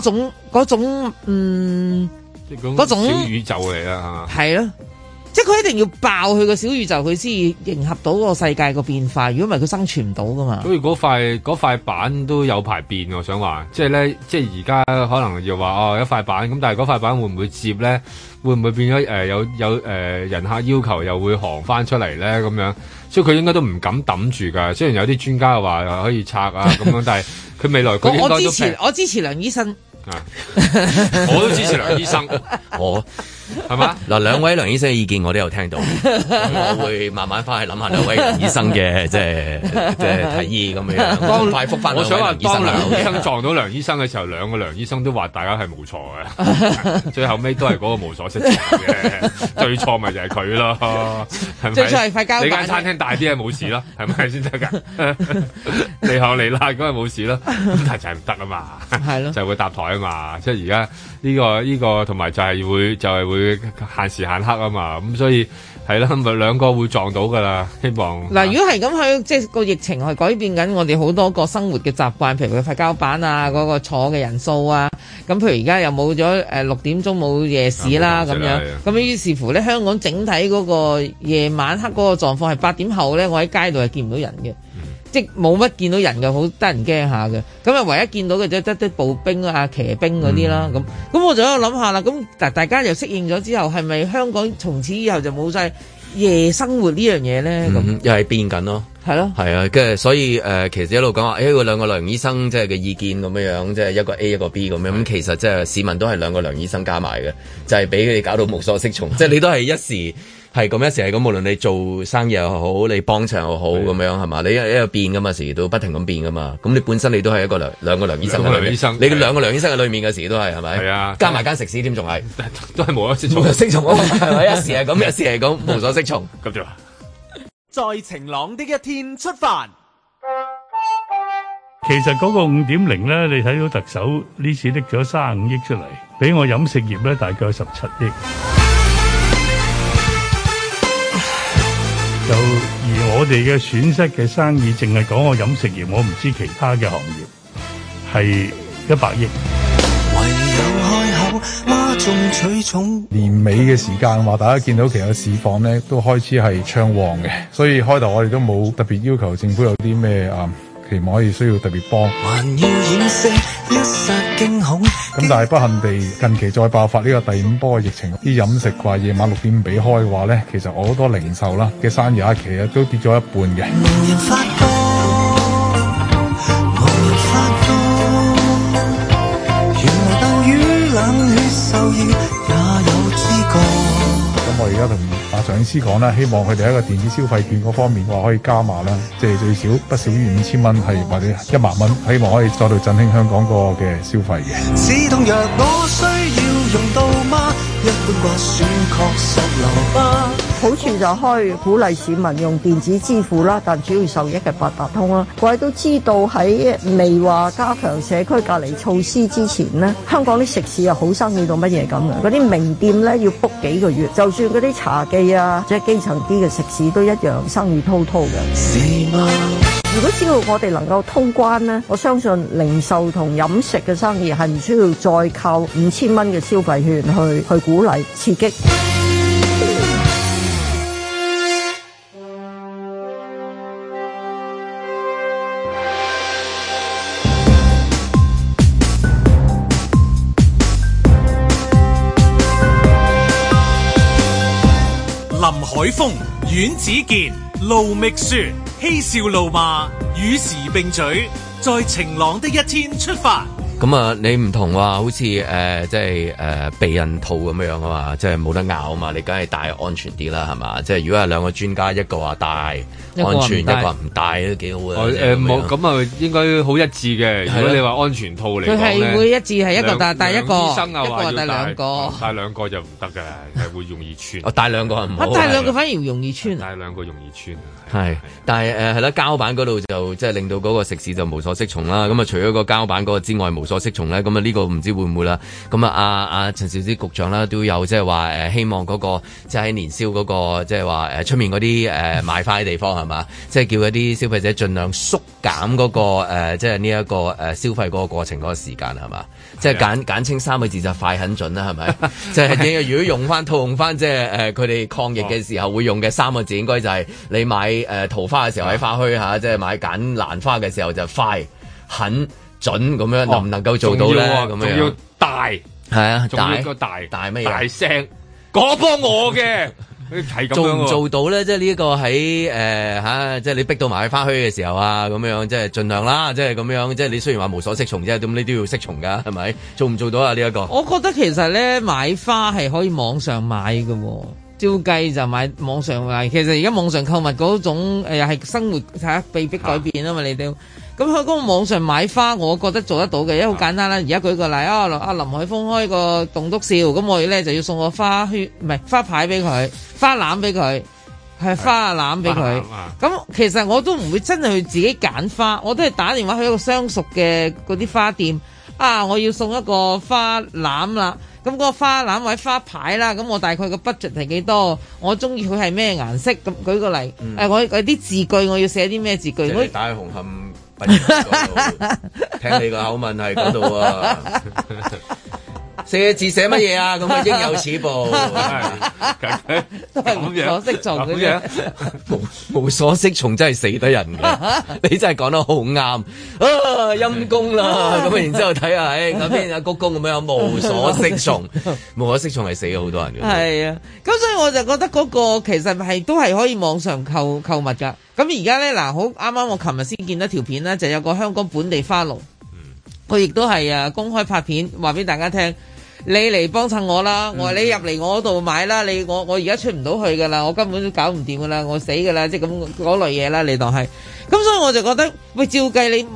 種嗰種嗯即嗰種小宇宙嚟啦。係咯。即係佢一定要爆佢個小宇宙，佢先迎合到個世界個變化。如果唔係，佢生存唔到噶嘛。所以嗰塊塊板都有排變，我想話，即係咧，即係而家可能要話哦，一塊板咁，但係嗰塊板會唔會接咧？會唔會變咗？誒、呃，有有誒、呃，人客要求又會行翻出嚟咧？咁樣，所以佢應該都唔敢抌住噶。雖然有啲專家話可以拆啊咁樣，但係佢未來佢應該都。我支持我支持梁醫生。啊， 我都支持梁醫生。 我。係嘛嗱，兩位梁醫生嘅意見我都有聽到，我會慢慢翻去諗下兩位梁醫生嘅即係即係提議咁樣，加快復。我想話當梁醫生撞到梁醫生嘅時候，兩個梁醫生都話大家係冇錯嘅，最後尾都係嗰個無所適從嘅，最錯咪就係佢咯。最錯係快交，你間餐廳大啲係冇事咯，係咪先得噶？你好你賴嗰個冇事咯，但係就係唔得啊嘛，係咯，就會搭台啊嘛，即係而家呢個呢個同埋就係會就係會。佢限時限刻啊嘛，咁所以係啦，咪兩個會撞到噶啦。希望嗱，如果係咁佢，即係個疫情係改變緊我哋好多個生活嘅習慣，譬如佢發膠板啊，嗰個坐嘅人數啊，咁譬如而家又冇咗誒六點鐘冇夜市啦，咁樣咁啊，於是乎咧，香港整體嗰個夜晚黑嗰個狀況係八點後咧，我喺街度係見唔到人嘅。即冇乜見到人嘅，好得人驚下嘅，咁啊唯一見到嘅就係得啲步兵啊騎兵嗰啲啦咁，咁、嗯、我就喺度諗下啦，咁嗱大家又適應咗之後，係咪香港從此以後就冇晒夜生活呢樣嘢咧？咁、嗯、那又係變緊咯，係咯，係啊，跟住、啊、所以誒、呃，其實一路講話誒，兩個梁醫生即係嘅意見咁樣樣，即係一個 A 一個 B 咁樣，咁是的 其實即、就、係、是、市民都係兩個梁醫生加埋嘅，就係俾佢哋搞到無所適從，即係 你都係一時。係咁一時係咁，無論你做生意又好，你幫襯又好，咁樣係嘛？你一一日變噶嘛？時都不停咁變噶嘛？咁你本身你都係一個兩兩個梁醫生，梁醫生，你嘅兩個梁醫生喺裏面嘅時都係係咪？係啊，加埋間食肆，添仲係都係無所適從無所適從，係咪？一時係咁，一時係咁，無所適從。咁就，在晴朗的一天出發。其實嗰個五點零咧，你睇到特首呢次拎咗三十五億出嚟，俾我飲食業咧，大概十七億。就而我哋嘅損失嘅生意，淨係講我飲食業，我唔知其他嘅行業係一百億，唯有開口嘩眾取寵。年尾嘅時間話，大家見到其實市況咧都開始係暢旺嘅，所以開頭我哋都冇特別要求政府有啲咩啊。嗯期望可以需要特別幫。還要掩飾一剎驚恐。咁但係不幸地，近期再爆發呢個第五波嘅疫情，啲飲食話夜晚六點畀開嘅話咧，其實我好多零售啦嘅生意啊，其實都跌咗一半嘅。冇人發覺，冇人發覺，原來對於冷血獸醫也有知覺。咁我而家咧。上司講啦，希望佢哋喺個電子消費券嗰方面話可以加碼啦，即係最少不少於五千蚊，係或者一萬蚊，希望可以再度振興香港個嘅消費嘢。好處就係可以鼓勵市民用電子支付啦，但主要受益嘅八達通啦。各位都知道喺未話加強社區隔離措施之前呢，香港啲食肆又好生意到乜嘢咁啊，嗰啲名店咧，要 book 幾個月，就算嗰啲茶記啊，即係基層啲嘅食肆都一樣生意滔滔嘅。米如果只要我哋能夠通關呢，我相信零售同飲食嘅生意係唔需要再靠五千蚊嘅消費券去去鼓勵刺激。海風，阮子健，盧覓雪，嬉笑怒罵，與時並舉，在晴朗的一天出發。咁啊，你唔同話，好似誒，即係，誒，避孕套咁樣啊嘛，即係冇得咬啊嘛，你梗係戴安全啲啦，係嘛？即係如果係兩個專家，一個話戴安全，一個話唔戴都幾好嘅。誒冇，咁啊應該好一致嘅。如果你話安全套嚟，佢係會一致，係一個戴，戴一個，一個戴兩個，戴兩個就唔得㗎，係會容易穿。我戴兩個唔，戴兩個反而容易穿。戴兩個容易穿，係。但係誒係啦，膠板嗰度就即係令到嗰個食肆就無所適從啦。咁啊，除咗個膠板嗰個之外，再適從咧，咁啊呢個唔知會唔會啦？咁、嗯、啊，阿、啊、阿陳肇始局長啦，都有即係話誒，希望嗰、那個即係喺年宵嗰、那個，即係話誒出面嗰啲誒買花嘅地方係嘛，即係、就是、叫一啲消費者儘量縮減嗰、那個即係呢一個誒消費嗰個過程嗰個時間係嘛，即係、就是、簡、啊、簡稱三個字就快狠準啦，係咪？即、就、係、是、如果用翻套用翻，即係誒佢哋抗疫嘅時候會用嘅三個字，應該就係你買誒、呃、桃花嘅時候喺花墟嚇，即、啊、係、就是、買揀蘭花嘅時候就快狠准咁樣能唔能夠做到咧？咁、哦啊、這樣要大係啊！仲要個大大咩嘢？大聲嗰，幫我嘅，做唔做到咧？即係呢一個喺誒吓，即係你逼到埋去花墟嘅時候啊，咁樣即係盡量啦，即係咁樣，即係你雖然話無所適從啫，咁你都要適從噶，係咪？做唔做到啊？呢、這、一個我覺得其實咧買花係可以網上買噶、哦，照計就買網上買。其實而家網上購物嗰種誒，係、呃、生活吓、啊、被逼改變啊嘛，你都。 咁開、嗯嗰個網上買花，我覺得做得到嘅，因為好簡單啦。而家舉個例啊，林海峰開個棟篤笑，咁我哋咧就要送個花圈，唔係花牌俾佢，花籃俾佢，係花籃俾佢。咁、啊啊、其實我都唔會真係去自己揀花，我都係打電話去一個相熟嘅嗰啲花店。啊，我要送一個花籃啦，咁嗰個花籃或者花，花牌啦，咁我大概個 budget 係幾多？我中意佢係咩顏色？咁舉個例，誒、嗯呃，我有啲字句我要寫啲咩字句？大紅聽你個口吻係嗰度啊！寫字寫乜嘢啊？咁啊，應有此報， 都係無所適從。 無無所適從真係死得人嘅，你真係講得好啱。啊，陰功啦，咁 然之後睇下，唉、哎，嗰邊阿谷公咁樣無所適從，無所適從係死咗好多人嘅。係啊，咁所以我就覺得嗰個其實係都係可以網上購購物㗎。咁而家咧嗱，好啱啱我琴日先見到條片啦，就有個香港本地花農，佢亦都係啊公開拍片，話俾大家聽。你嚟幫襯我啦！嗯、我話你入嚟我度買啦！你，我我而家出唔到去噶啦，我根本都搞唔掂噶啦，我死噶啦！即係咁嗰類嘢啦，你當係。咁所以我就覺得，喂，照計你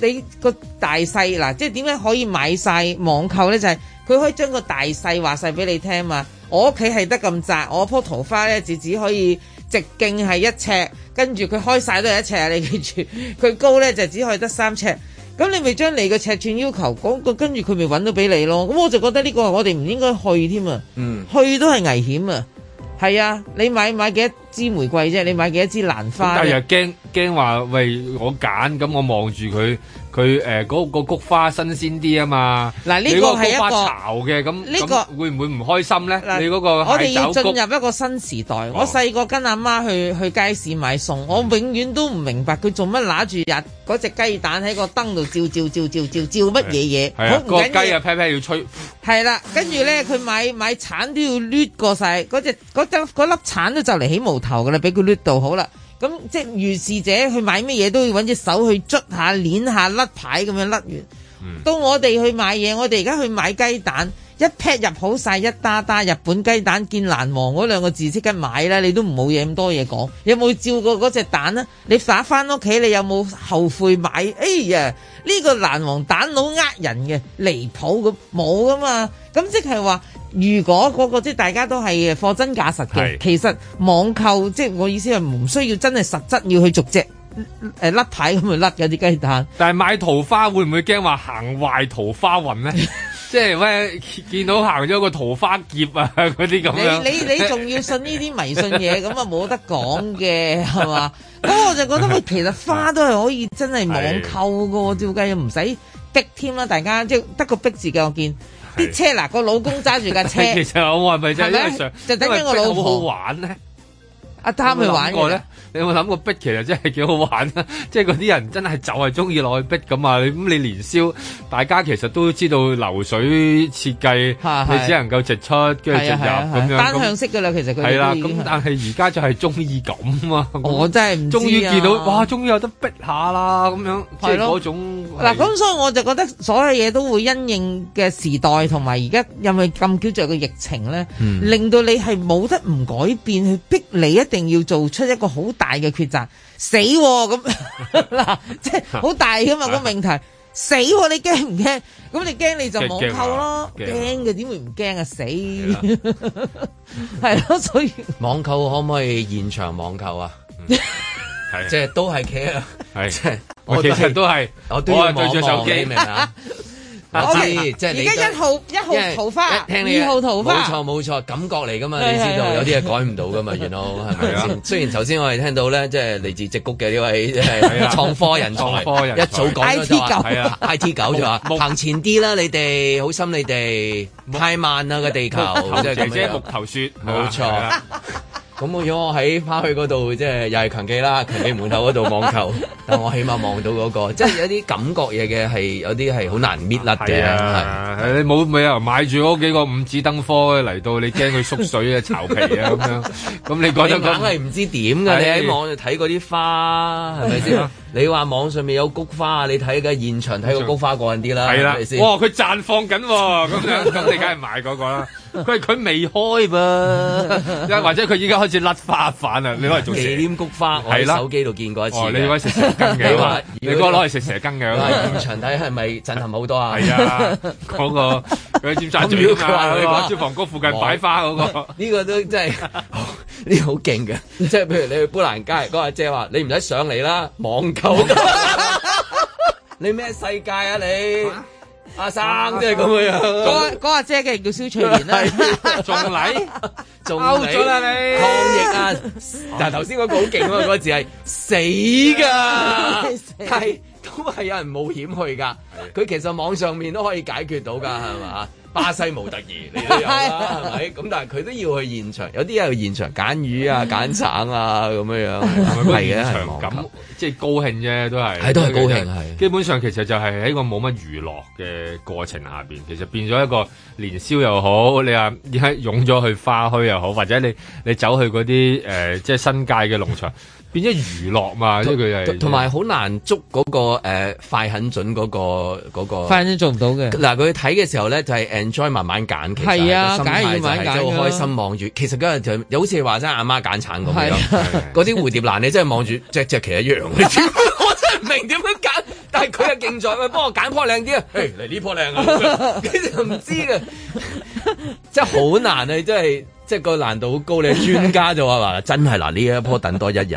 你個大細啦，即係點解可以買晒網購呢？就係、是、佢可以將個大細話晒俾你聽嘛。我屋企係得咁窄，我棵桃花呢就只可以直徑係一尺，跟住佢開晒都係一尺。你記住，佢高呢就只可以得三尺。咁你咪將你嘅尺寸要求講過，那個，跟住佢咪搵到俾你咯。咁我就覺得呢個我哋唔應該去添、嗯、啊，去都係危險啊。係啊，你買買幾多支玫瑰啫？你買幾多支蘭花？但係又驚驚話喂，我揀，咁我望住佢。佢誒嗰個菊花新鮮啲啊嘛，嗱呢，這個係一個巢嘅。咁，呢，這個會唔會唔開心咧？啦你嗰個我哋要進入一個新時代。哦，我細個跟阿媽，媽去去街市買餸，嗯，我永遠都唔明白佢做乜拿住日隻雞蛋喺個燈度照照照照照照乜嘢嘢，啊，緊緊個雞啊批批要吹。係啦、 啊，跟住咧佢買買橙都要捋過晒，嗰隻粒橙都就嚟起毛頭噶啦，俾佢捋到好啦。咁即係如是者去買乜嘢都要揾隻手去捽下、捻下、甩牌咁樣甩完。嗯、到我哋去買嘢，我哋而家去買雞蛋。一劈入好晒，一打打日本雞蛋，見蘭王」嗰兩個字即刻買啦，你都唔好嘢咁多嘢講。有冇照過嗰隻蛋咧？你打翻屋企，你有冇後悔買？哎呀，呢、這個蘭王蛋佬呃人嘅離譜咁冇噶嘛？咁即係話，如果嗰、那個即係大家都係貨真價實嘅，是其實網購即係我意思係唔需要真係實質要去逐隻誒甩牌噉去甩嘅啲雞蛋。但係買桃花會唔會驚話行壞桃花運咧？ 即係喂，見到行咗個桃花劫啊，嗰啲咁樣。你你你仲要信呢啲迷信嘢，咁啊冇得講嘅，係嘛？咁我就覺得，喂，其實花都係可以真係網購㗎喎，是照計又唔使逼添啦。大家即係得個逼字嘅，我見啲是車嗱、嗰個老公揸住架車。 其實我係咪真係想就等緊我為老婆好玩咧？阿貪去玩過咧？你有冇諗過逼？其實真係幾好玩啊！即係嗰啲人真係就係中意落去逼咁啊！咁你年宵，大家其實都知道流水設計，你只能夠直出跟住直入咁樣。單向式噶啦，其實佢係啦。咁但係而家就係中意咁啊！我真係唔中意見到哇！終於有得逼下啦！咁樣即係嗰種嗱。咁所以我就覺得所有嘢都會因應嘅時代同埋而家因為咁叫做個疫情咧，令到你係冇得唔改變去逼你一一定要做出一個好大嘅抉擇，死咁，啊、嗱， 即係好大㗎嘛 個命題，死、啊、你驚唔驚？咁你驚你就網購咯、啊，驚嘅點會唔驚啊？死係、啊、咯、 啊，所以 網購可唔可以現場網購啊？ 即係都係企，即係我哋都係，都我對住手機明啊。我知，即係而家一號一號桃花，二號桃花。冇錯冇錯，感覺嚟噶嘛？你知道有啲嘢改唔到噶嘛？原來，雖然頭先我哋聽到咧，即係嚟自植谷嘅呢位創科人才，創科人才，一早講咗，係啊，I T 九就話行前啲啦，你哋好心你哋，太慢啦個地球，即係你隻木頭雪，冇錯。咁我如果我喺花墟嗰度，即、就、係、是、又係強記啦，強記門口嗰度網球， 但我起碼望到嗰、那個，即係有啲感覺嘢嘅，係有啲係好難搣甩嘅啊！是你冇咪啊買住嗰幾個五指燈科嚟到，你驚佢縮水、那個、啊、巢皮啊咁樣，咁你嗰陣梗係唔知點㗎？你喺網度睇嗰啲花，係咪先？啊、你話網上面有菊花，你睇嘅現場睇個菊花過癮啲啦，係咪先？哇！佢綻放緊，咁樣咁你梗係買嗰個啦。 佢係佢未開噃，或者佢依家開始甩花粉啊！你攞嚟做忌廉菊花，我喺手機度見過一次。你攞嚟食蛇羹嘅，你哥攞嚟食蛇羹嘅。現場睇係咪震撼好多啊？係啊，嗰個佢喺尖沙咀嘛，喺消防局附近擺花嗰個，呢個都真係呢個好勁嘅。即係譬如你去砵蘭街，嗰阿姐話：你唔使上嚟啦，網購。你咩世界啊你？阿生都係咁嘅樣，嗰個阿姐嘅叫蕭翠蓮啦，仲禮，仲禮，抗疫啊！但係頭先嗰個好勁啊，嗰字係死噶，係都係有人冒險去噶，佢其實網上面都可以解決到噶，係咪？ 巴西模特兒你都有啦、啊，係咪？咁但係佢都要去現場，有啲去現場揀魚啊、揀橙啊咁樣樣，係啊，即係高興啫，都係，係都係高興，係。基本上其實就係喺個冇乜娛樂嘅過程下邊，其實變咗一個年宵又好，你話而家湧咗去花墟又好，或者你你走去嗰啲誒，即係新界嘅農場。 變咗娛樂嘛？即係佢係同埋好難捉嗰、嗰個、呃、快狠準、嗰個、嗰個、快狠準嗰個快先做唔到嘅。嗱、啊，佢睇嘅時候咧就係、是、enjoy 慢慢揀，其實係啊、就是，揀而唔係揀。即係開心望住，其實嗰、就、陣、是、就好似話齋阿媽揀橙咁樣，嗰啲的的蝴蝶蘭 你真係望住，隻隻其實一樣。 我真係唔明點樣揀。但係佢又競在，咪幫我揀棵靚啲啊！嚟呢棵靚啊！佢就唔知嘅，即係好難啊！真係，即係個難度好高，你專家就話，係真係嗱，呢一棵等多一日，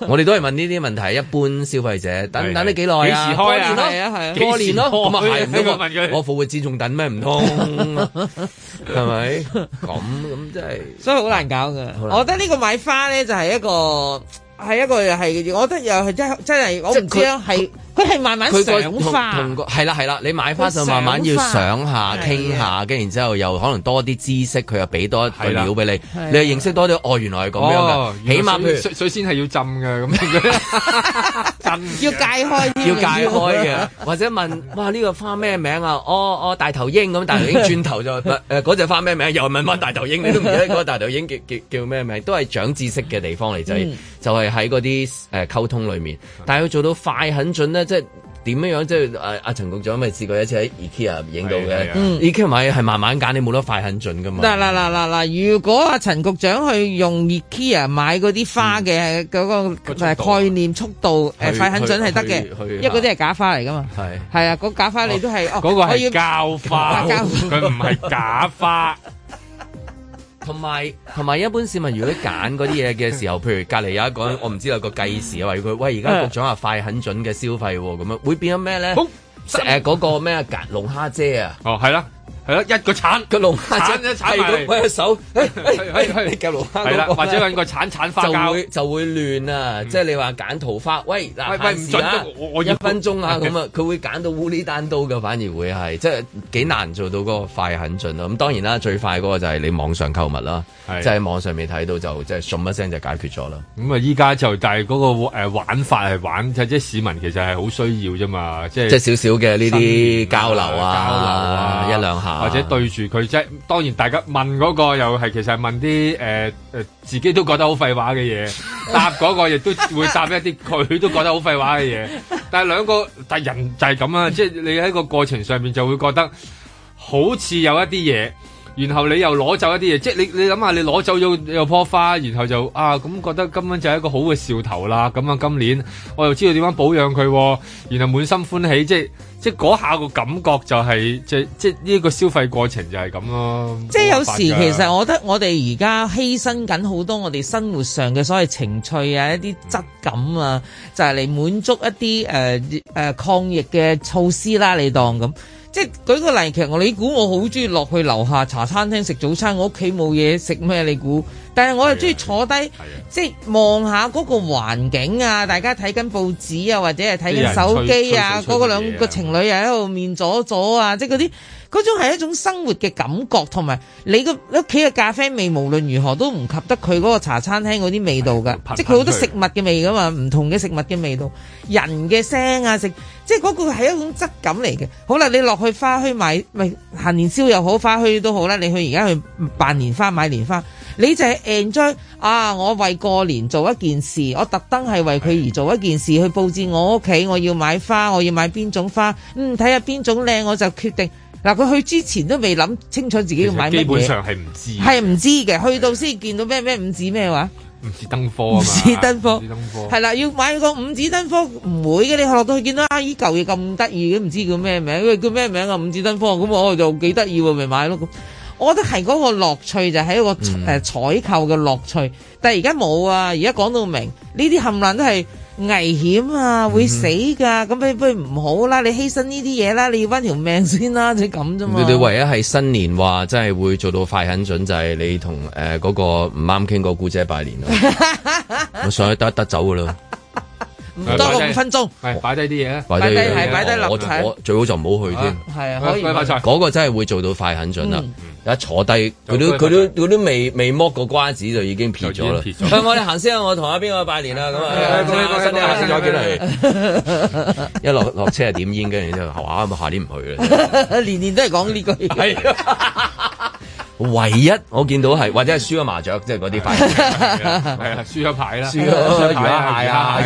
我哋都係問呢啲問題。一般消費者等是是是等啲幾耐啊？幾時開年啊？過年咯，是是是過年咯。咁啊，係呢個問佢， 我復活節仲等咩？唔通係咪？咁咁真係，就是、所以難好難搞嘅。我覺得呢個買花咧，就係一個。係一個又係，我覺得又係真真係，我唔知啊。係佢係慢慢想花，係啦係啦，你買花上慢慢要想下傾下，跟然之後又可能多啲知識，佢又俾多一個料俾你，你又認識多啲。哦，原來係咁樣嘅，起碼佢水水仙係要浸嘅咁。 要解開， 要解開嘅，或者問，哇呢、呢個花咩名啊？哦、oh, 哦、oh, 大頭鷹咁，大頭鷹轉頭就誒嗰隻花咩名？又問返大頭鷹，你都唔知嗰、嗰個大頭鷹叫叫叫咩名？都係長知識嘅地方嚟就係，就係喺嗰啲誒溝通裏面，但係要做到快狠準咧即係。點樣樣即係阿阿陳局長咪試過一次喺 IKEA 影到嘅 IKEA 買係慢慢揀，你冇得快很準噶嘛。嗱嗱嗱嗱嗱，如果阿陳局長去用 IKEA 買嗰啲花嘅嗰個概念速度，誒快很準係得嘅，因為嗰啲係假花嚟噶嘛。係係啊，嗰假花你都係，嗰個係膠花，佢唔係假花。同埋同埋，一般市民如果揀嗰啲嘢嘅時候，譬如隔籬有一個， 我唔知有個計時啊，話佢喂而家局長話快很準嘅消費喎，咁樣會變咗咩咧？誒嗰、嗯呃嗰個咩啊？隔龍蝦姐啊！哦，係啦。係咯，一個鏟個龍鏟一踩到嗰手，喂喂，夾龍蝦。係啦，或者揾個鏟鏟花，就會就會亂啊！即係你話揀桃花，喂嗱，唔准一分鐘啊！咁啊，佢會揀到烏里單刀噶，反而會係即係幾難做到嗰個快狠準啊。咁當然啦，最快嗰個就係你網上購物啦，即係網上面睇到就即係噏一聲就解決咗啦。咁啊，依家就但係嗰個誒玩法係玩，即係市民其實係好需要啫嘛，即係即係少少嘅呢啲交流啊，交流啊，一兩。或者對住佢即係，當然大家問嗰個又係，其實係問啲誒誒，自己都覺得好廢話嘅嘢， 答嗰個亦都會答一啲佢都覺得好廢話嘅嘢。但係兩個，但係人就係咁啊，即係你喺個過程上面就會覺得好似有一啲嘢，然後你又攞走一啲嘢，即係你你諗下，你攞走咗有棵花，然後就啊咁覺得，今晚就係一個好嘅兆頭啦。咁啊，今年我又知道點樣保養佢，然後滿心歡喜，即係。即嗰下個感覺就係、是、即即呢、這個消費過程就係咁咯。即係有時其實我覺得我哋而家犧牲緊好多我哋生活上嘅所謂情趣啊，一啲質感啊，嗯、就係嚟滿足一啲誒誒抗疫嘅措施啦、啊。你當咁。即係舉個例，其實你我你估我好中意落去樓下茶餐廳食早餐，我屋企冇嘢食咩？你估？但係我又中意坐低，即係望下嗰個環境啊，大家睇緊報紙啊，或者係睇緊手機啊，嗰、啊、個兩個情侶又喺度面左左啊，即係嗰啲。嗰種係一種生活嘅感覺，同埋你個屋企嘅咖啡味，無論如何都唔及得佢嗰個茶餐廳嗰啲味道㗎，的即係佢好多食物嘅味㗎嘛，唔同嘅食物嘅味道，人嘅聲啊，食即係嗰個係一種質感嚟嘅。好啦，你落去花墟買，咪行年宵又好，花墟都好啦。你去而家去辦年花買年花，你就係 enjoy 啊！我為過年做一件事，我特登係為佢而做一件事，的去佈置我屋企，我要買花，我要買邊種花，嗯，睇下邊種靚，我就決定。嗱，佢去之前都未諗清楚自己要買咩嘢，基本上係唔知，係唔知嘅。的去到先見到咩咩五子咩話，五子登科啊，五子登科，五子登科，係啦，要買個五子登科唔會嘅，你落到去見到阿姨舊嘢咁得意，都唔知叫咩名，佢叫咩名啊？五子登科，咁我就幾得意喎，咪買咯。我覺得係嗰個樂趣就係一個誒採、嗯、採購嘅樂趣，但係而家冇啊！而家講到明呢啲冚唪唥都係。危險啊，會死噶，咁你，嗯、哼不如唔好啦，你犧牲呢啲嘢啦，你要翻條命先、啊、啦，啊、你咁啫嘛。你哋唯一係新年話真係會做到快狠準就係你同誒嗰個唔啱傾嗰姑姐拜年啦， 我上去得得走噶啦，唔 多五分鐘，擺低啲嘢啊，擺低係擺低最好就唔好去、啊、添，係啊，可以嗰下個真係會做到快狠準啦。嗯一坐低，佢都佢都佢都未未剝過瓜子就已經撇咗啦。咁我哋行先啊，我同阿邊個拜年啦咁啊。新年好，新年再見啦。一落落車啊，點煙跟住之後，哇，下年唔去啦。年 年都係講呢句。唯一我見到係或者係輸咗麻雀，即係嗰啲牌，係啊，輸咗牌啦，輸咗魚蝦蟹啊，係啊，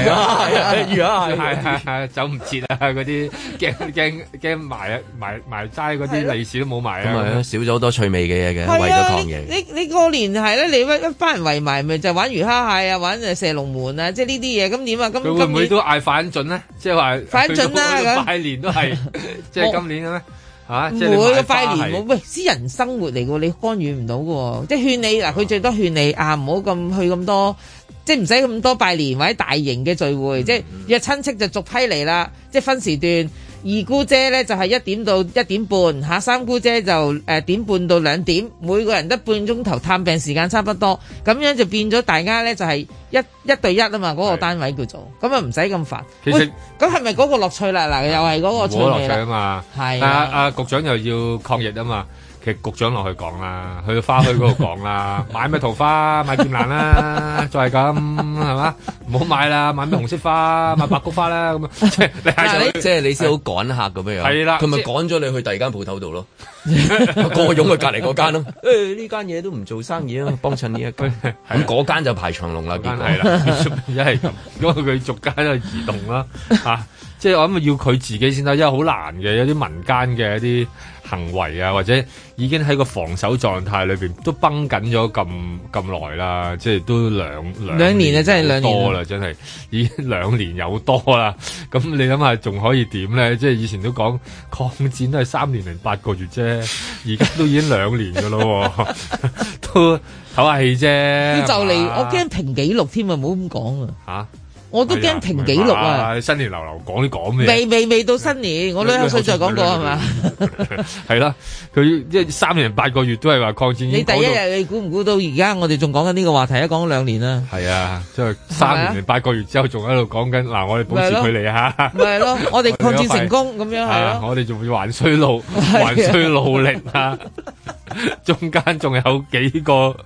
魚蝦蟹係走唔切啊，嗰啲驚驚驚埋埋埋齋嗰啲利是都冇埋啊，咁少咗好多趣味嘅嘢嘅，為咗抗疫，你你過年係咧，你一班人圍埋咪就玩魚蝦蟹啊，玩啊射龍門啊，即係呢啲嘢，咁點啊？咁今年都嗌反進咧，即係話反進啦，拜年都係即係今年嘅咩？唔會，個拜年冇喂，私人生活嚟嘅喎，你干預唔到嘅喎，即係勸你嗱，佢最多勸你、嗯、啊，唔好咁去咁多。即唔使咁多拜年或者大型嘅聚會，嗯、即係約親戚就逐批嚟啦。即係分時段，二姑姐呢就係、是、一點到一點半，吓三姑姐就誒、呃、點半到兩點，每個人得半鐘頭探病時間差唔多。咁樣就變咗大家呢就係、是、一一對一啊嘛，嗰、那個單位叫做，咁啊唔使咁煩。其實咁係咪嗰個樂趣啦？嗱，又係嗰個冇樂趣啊趣嘛。係啊，阿、啊啊、局長又要抗疫啊嘛。其實局長落去講啦，去花墟嗰度講啦，買咩桃花，買劍蘭啦，再係咁係嘛，唔好買啦，買咩紅色花，買白菊花啦咁啊！即係你先好趕客嘅咩啊？係啦，佢咪趕咗你去第二間鋪頭度咯，個蛹去隔籬嗰間咯。誒，呢間嘢都唔做生意啊，幫襯呢一間。咁嗰間就排長龍啦，係啦，因為因為佢逐間都移動啦，啊，即係我諗要佢自己先得，因為好難嘅，有啲民間嘅一啲行為啊，或者。已經喺個防守狀態裏邊都繃緊咗咁咁耐啦，即係都兩兩兩年啦，真係兩年多啦，真係已經兩年有多啦。咁、嗯嗯、你諗下仲可以點咧？即係以前都講抗戰都係三年零八個月啫，而家都已經兩年噶咯， 都唞下氣啫。就嚟嗎我驚停紀錄添啊！唔好咁講啊。我都驚停記錄啊！新年流流講啲講咩？未未未到新年，我兩歲再講過係嘛？係啦，佢即係三年八個月都係話抗戰。你第一日你估唔估到而家我哋仲講緊呢個話題？講咗兩年啦。係啊，即係三年八個月之後仲喺度講緊嗱，我哋保持距離嚇。咪係咯，我哋抗戰成功咁樣係咯。我哋仲要還需努還需努力啊！中間仲有幾個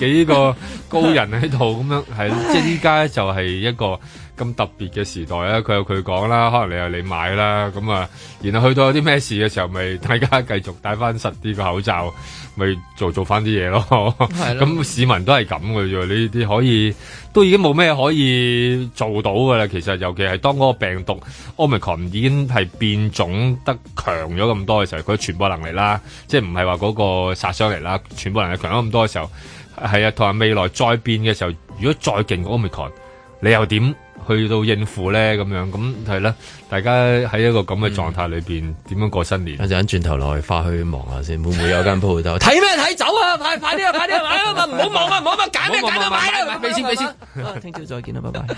幾個高人喺度咁樣係，即係依家就係一個。咁特別嘅時代咧，佢有佢講啦，可能你有你買啦，咁啊，然後去到有啲咩事嘅時候，咪大家繼續戴翻實啲個口罩，咪做做翻啲嘢咯。咁的、 嗯、市民都係咁嘅啫，呢啲可以都已經冇咩可以做到嘅啦。其實，尤其係當嗰個病毒 Omicron 已經係變種得強咗咁多嘅時候，佢傳播能力啦，即係唔係話嗰個殺傷力啦，傳播能力強咗咁多嘅時候，係啊，同埋未來再變嘅時候，如果再勁過 Omicron。你又點去到應付咧？咁樣咁係啦，大家喺一個咁嘅狀態裏邊，點樣過新年？一陣間轉頭落去花墟望下先，會唔會有間鋪頭？睇咩睇？走啊！快快啲啊！快啲啊！唔好望啊！唔好乜揀咩揀到買啊！未先未先，聽朝再見啦，拜拜。